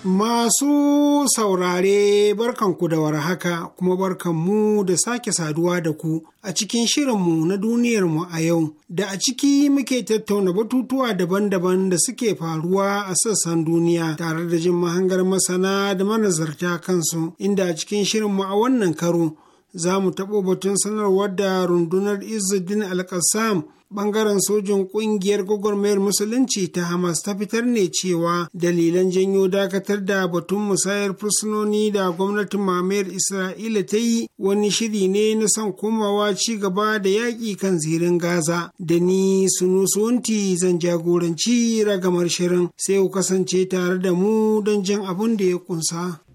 Masu saurare barkan ku da warhaka kuma barkanmu da sake saduwa da ku a cikin shirinmu na duniyar mu a yau da a ciki muke tattauna batutuwa daban-daban da suke faruwa a sassan duniya tare da jin mahangar masana da manazarta kansu inda a cikin shirinmu a wannan karo za mu taɓo batun sanarwar da rundunar Izzuddin Alƙassam Bangaren sojin kungiyar gwagwarmayar musulunci ta Hamas ta fitar ne cewa dalilan janyo dakatar da batun musayar fursunoni da gwamnatin mamayar Isra'ila ta yi wani shiri ne na son komawa ci gaba da yaƙi kan zirin Gaza. Da ni sunusunti zan jagoranci ragamar shirin sai ku kasance tare da mu don jin abin da ya kunsa.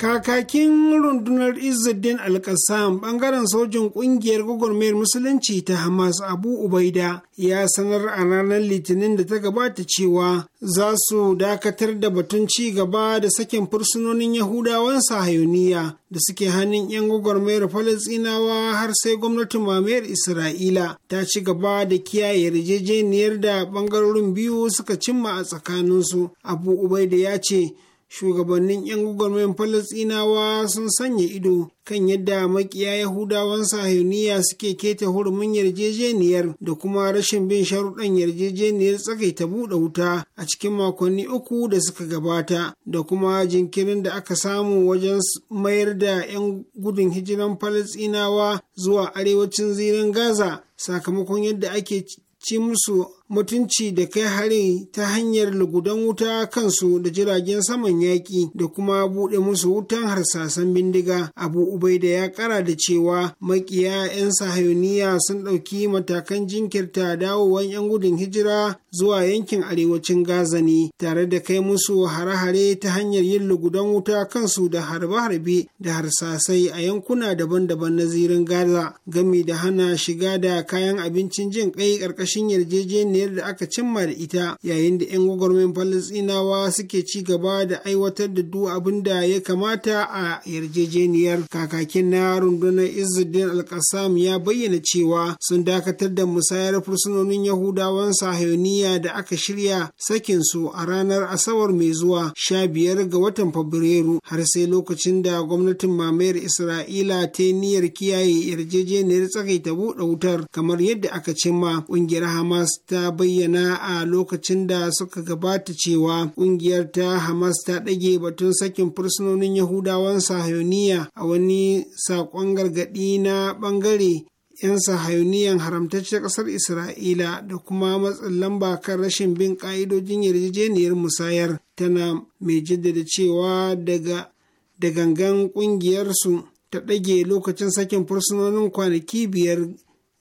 kakakin rundunar izzuddin alkassam ɓangaren sojin ƙungiyar gwagwarmayar musulunci ta hamas abu ubaida ya sanar a ranar litinin da ta gabata cewa za su dakatar da batun ci gaba da sakin fursunonin yahudawan sahayuniya da suke hannun 'yan gwagwarmayar Falasinawa har sai gwamnatin mamayar isra'ila ta ci gaba da kiyaye yarjejeniyar da ɓangarorin biyu suka cimma a tsakaninsu abu ubaida ya ce shugabannin 'yan gwagwarmayin falasinawa sun sanya ido kan yadda makiya yahudawan sahuniya suke keta hurumin yarjejeniyar da kuma rashin bin sharuɗan yarjejeniyar ta buɗe wuta a cikin makonni uku da suka gabata da kuma jinkirin da aka samu wajen mayar da 'yan gudun hijiran falasinawa zuwa arewacin zirin gaza sakamakon yadda ake ci musu mutunci da kai hari ta hanyar lugudan wuta kansu da jiragen saman yaƙi da kuma buɗe musu wutan harsasan bindiga abu ubai da ya ƙara da cewa makiya 'yan sahayoniya sun ɗauki matakan jinkirta dawowan 'yan gudun hijira zuwa yankin arewacin gaza ne tare da kai musu hare-hare ta hanyar yin lugudan wuta kansu da harbe-harbe da harsasai a yankuna daban-daban na zirin gaza gami da hana shiga da kayan abincin jin ƙai ƙarƙashin yarjejeniya yarjejeniyar da aka cimma da ita yayin da 'yan gwagwarmin falasinawa suke ci gaba da aiwatar da duk abin da ya kamata a yarjejeniyar kakakin na rundunar izzuddin alkasam ya bayyana cewa sun dakatar da musayar fursunonin yahudawan sahiyoniya da aka shirya sakin su a ranar asabar mai zuwa sha biyar ga watan fabrairu har sai lokacin da gwamnatin mamayar isra'ila ta niyyar kiyaye yarjejeniyar tsakaita buɗe wutar kamar yadda aka cimma ƙungiyar hamas ta a bayyana a lokacin da suka gabata cewa kungiyar ta Hamas ta ɗage batun sakin fursunonin Yahudawan Sahayoniya a wani saƙon gargaɗi na ɓangare 'yan sahayuniyan haramtacciyar ƙasar isra'ila da kuma matsin lamba kan rashin bin ƙa'idojin yarjejeniyar musayar tana mai jaddada cewa daga da gangan ƙungiyarsu ta ɗage lokacin sakin fursunonin kwanaki biyar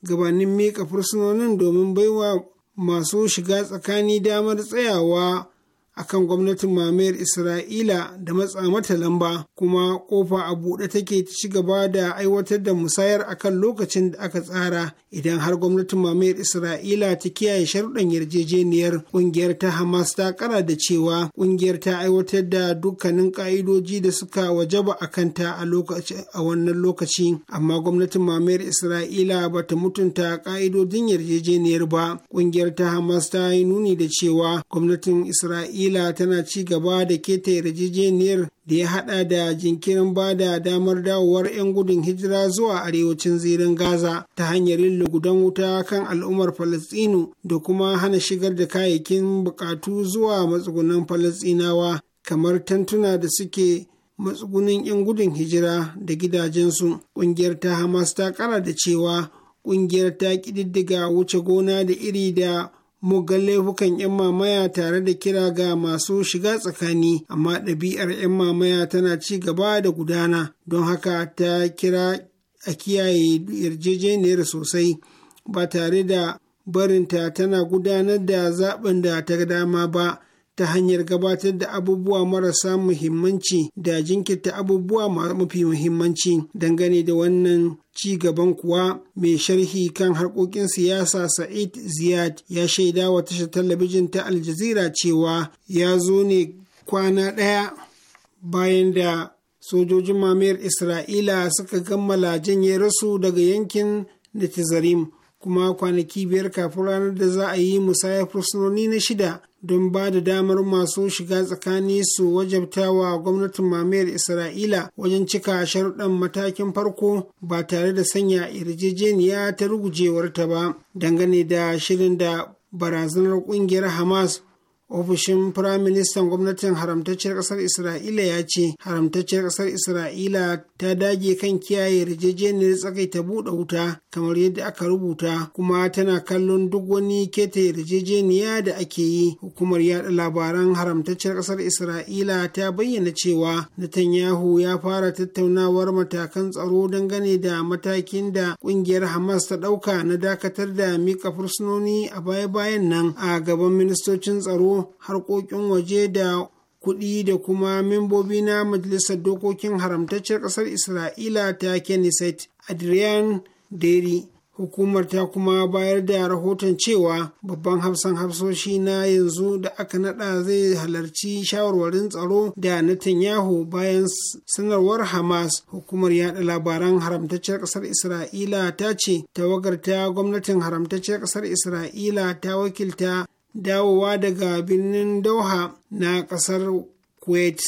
gabanin miƙa fursunonin domin baiwa masu shiga tsakani damar tsayawa akan gwamnatin mamayar Isra'ila da matsa mata lamba kuma kofa a buɗe take ta ci gaba da aiwatar da musayar akan lokacin da aka tsara idan har gwamnatin mamayar Isra'ila ta kiyaye sharuɗan yarjejeniyar ƙungiyar ta Hamas ta kara da cewa ƙungiyar ta aiwatar da dukkanin ƙa'idoji da suka wajaba a kanta a a wannan lokaci amma gwamnatin mamayar Isra'ila ba ta mutunta ƙa'idojin yarjejeniyar ba ƙungiyar ta Hamas ta yi nuni da cewa gwamnatin Isra'ila isra'ila tana ci gaba da keta yarjejeniyar da ya hada da jinkirin ba da damar dawowar 'yan gudun hijira zuwa arewacin zirin gaza ta hanyar yin lugudan wuta kan al'ummar falastinu da kuma hana shigar da kayayyakin bukatu zuwa matsugunan falastinawa kamar tantuna da suke matsugunin 'yan gudun hijira da gidajensu ƙungiyar ta hamas ta kara da cewa ƙungiyar ta ƙididdiga wuce gona da iri da muggan laifukan 'yan mamaya tare da kira ga masu shiga tsakani amma ɗabi'ar 'yan mamaya tana ci gaba da gudana don haka ta kira a kiyaye yarjejeniyar sosai ba tare da barinta tana gudanar da zaɓin da ta dama ba ta hanyar gabatar da abubuwa marasa muhimmanci da jinkirta abubuwa mafi muhimmanci dangane da wannan ci gaban kuwa mai sharhi kan harkokin siyasa sa'id ziyad ya shaida wa tashar talabijin ta aljazira cewa ya zo ne kwana ɗaya bayan da sojojin mamayar isra'ila suka kammala janye rasu daga yankin da kuma kwanaki biyar kafin ranar da za a yi musayar fursunoni na shida don ba da damar masu shiga tsakani su wajabta wa gwamnatin mamayar isra'ila wajen cika sharuɗan matakin farko ba tare da sanya yarjejeniya ta rugujewarta ba dangane da shirin da barazanar ƙungiyar hamas ofishin firaministan gwamnatin haramtacciyar ƙasar isra'ila ya ce haramtacciyar ƙasar isra'ila ta dage kan kiyaye yarjejeniyar tsakaita buɗe wuta kamar yadda aka rubuta kuma tana kallon duk wani keta yarjejeniya da ake yi hukumar yaɗa labaran haramtacciyar ƙasar isra'ila ta bayyana cewa netanyahu ya fara tattaunawar matakan tsaro dangane da matakin da ƙungiyar hamas ta ɗauka na dakatar da mika fursunoni a baya-bayan nan a gaban ministocin tsaro harkokin waje da kuɗi da kuma membobi na majalisar dokokin haramtaccen ƙasar isra'ila ta kenneth adrian deri hukumar ta kuma bayar da rahoton cewa babban hafsan hafsoshi na yanzu da aka nada zai halarci shawarwarin tsaro da Netanyahu bayan sanarwar Hamas hukumar yada labaran haramtacciyar kasar Isra'ila ta ce tawagar ta gwamnatin haramtacciyar kasar Isra'ila ta wakilta dawowa daga birnin Doha na ƙasar Kuwait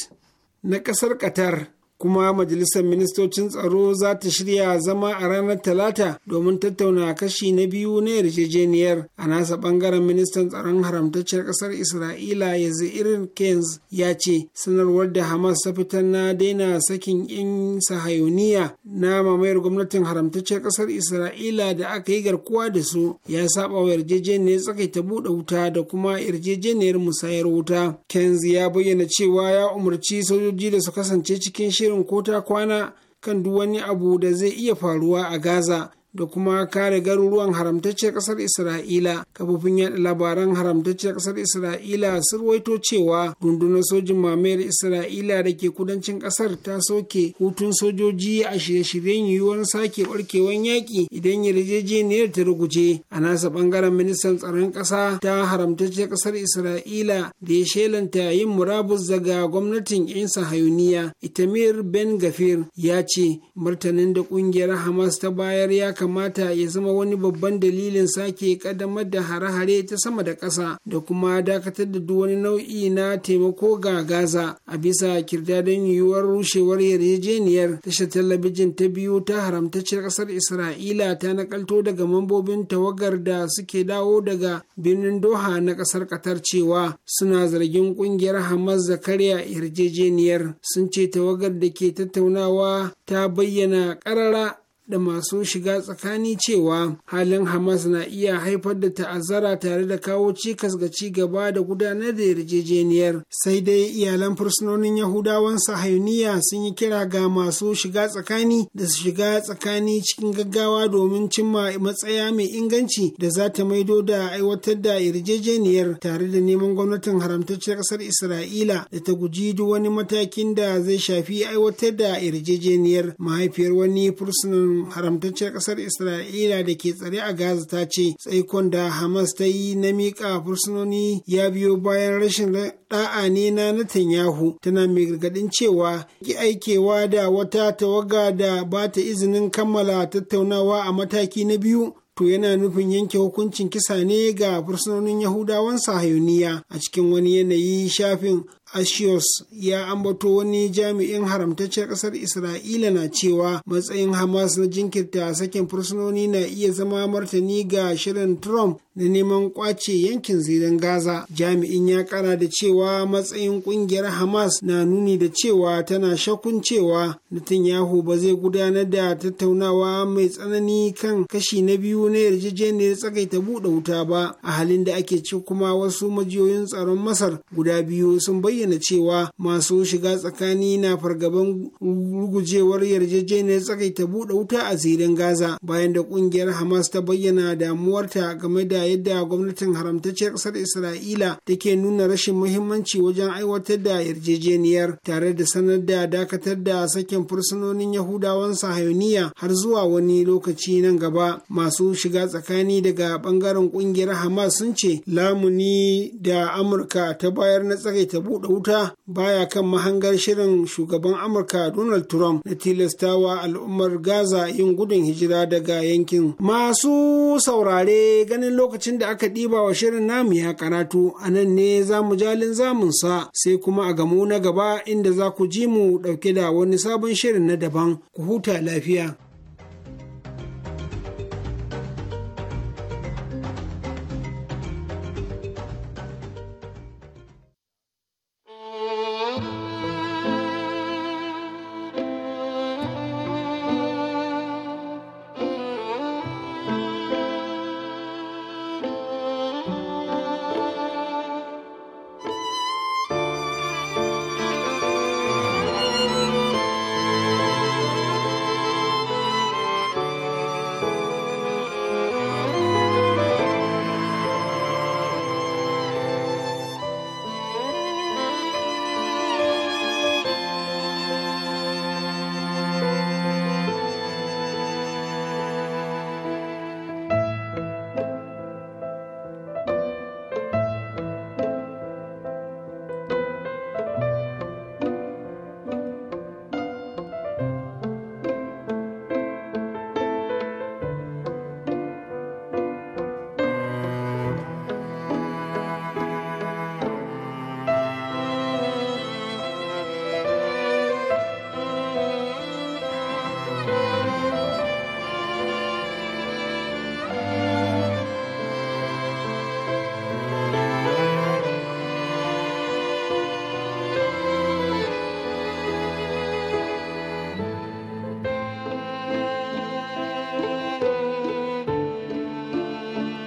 na ƙasar Qatar kuma majalisar ministocin tsaro za ta shirya zama a ranar talata domin tattauna kashi na biyu na yarjejeniyar a nasa bangaren ministan tsaron haramtacciyar kasar isra'ila yazir kens ya ce sanarwar da hamas ta fitar na daina sakin yan sahayoniya na mamayar gwamnatin haramtacciyar kasar isra'ila da aka yi garkuwa da su ya saba wa yarjejeniyar tsakaita buɗe wuta da kuma yarjejeniyar musayar wuta kens ya bayyana cewa ya umarci sojoji da su kasance cikin shirin shirin ko ta kwana kan duk wani abu da zai iya faruwa a Gaza da kuma kare garuruwan haramtacce ƙasar isra'ila kafofin yada labaran haramtacce ƙasar isra'ila sun ruwaito cewa rundunar sojin mamayar isra'ila da ke kudancin ƙasar ta soke hutun sojoji a shirye-shiryen yiwuwar sake barkewar yaƙi idan yarjejeniyar ta ruguje a nasa ɓangaren ministan tsaron ƙasa ta haramtacce ƙasar isra'ila da ya shelanta yin murabus daga gwamnatin 'yan sahayuniya itamir ben gafir ya ce martanin da ƙungiyar hamas ta bayar ya kamata ya zama wani babban dalilin sake ƙaddamar da hare-hare ta sama da ƙasa da kuma dakatar da duk wani nau'i na taimako ga Gaza a bisa kirdadin yiwuwar rushewar yarjejeniyar tashar talabijin ta biyu ta haramtacciyar ƙasar Isra'ila ta nakalto daga mambobin tawagar da suke dawo daga birnin Doha na ƙasar Qatar cewa suna zargin ƙungiyar Hamas da karya yarjejeniyar sun ce tawagar da ke tattaunawa ta bayyana ƙarara da masu shiga tsakani cewa halin hamas na iya haifar da ta'azzara tare da kawo cikas ga ci gaba da gudanar da yarjejeniyar sai dai iyalan fursunonin yahudawan sahayuniya sun yi kira ga masu shiga tsakani da su shiga tsakani cikin gaggawa domin cimma matsaya mai inganci da za ta maido da aiwatar da yarjejeniyar tare da neman gwamnatin haramtacciyar ƙasar isra'ila da ta guji duk wani matakin da zai shafi aiwatar da yarjejeniyar mahaifiyar wani fursunan haramtacciyar kasar isra'ila da ke tsare a gaza ta ce tsaikon da hamas ta yi na miƙa fursunoni ya biyo bayan rashin da'a ne na netanyahu tana mai gargaɗin cewa ki aikewa da wata tawaga da ba ta izinin kammala tattaunawa a mataki na biyu to yana nufin yanke hukuncin kisa ne ga fursunonin yahudawan sahayuniya a cikin wani yanayi shafin Ashios ya ambato wani jami'in haramtaccen ƙasar Isra'ila na cewa matsayin Hamas na jinkirta sakin fursunoni na iya zama martani ga shirin Trump na neman kwace yankin zidan Gaza. Jami'in ya kara da cewa matsayin ƙungiyar Hamas na nuni da cewa tana shakun cewa Netanyahu ba zai gudanar da tattaunawa mai tsanani kan kashi na biyu na yarjejeniyar tsakaita buɗe wuta ba a halin da ake ci kuma wasu majiyoyin tsaron Masar guda biyu sun bayyana bayyana cewa masu shiga tsakani na fargaban rugujewar yarjejeniyar tsakaita buɗe wuta a zirin Gaza bayan da ƙungiyar Hamas ta bayyana damuwarta game da yadda gwamnatin haramtacciyar ƙasar Isra'ila take nuna rashin muhimmanci wajen aiwatar da yarjejeniyar tare da sanar da dakatar da sakin fursunonin Yahudawan Sahayoniya har zuwa wani lokaci nan gaba masu shiga tsakani daga ɓangaren ƙungiyar Hamas sun ce lamuni da Amurka ta bayar na tsakaita buɗe wuta baya kan mahangar shirin shugaban Amurka Donald Trump na tilastawa al'ummar Gaza yin gudun hijira daga yankin. Masu saurare ganin lokacin da aka ɗiba wa shirin namu ya karatu a nan ne za mu jalin zamunsa sai kuma a gamu na gaba inda za ku ji mu ɗauke da wani sabon shirin na daban ku huta lafiya.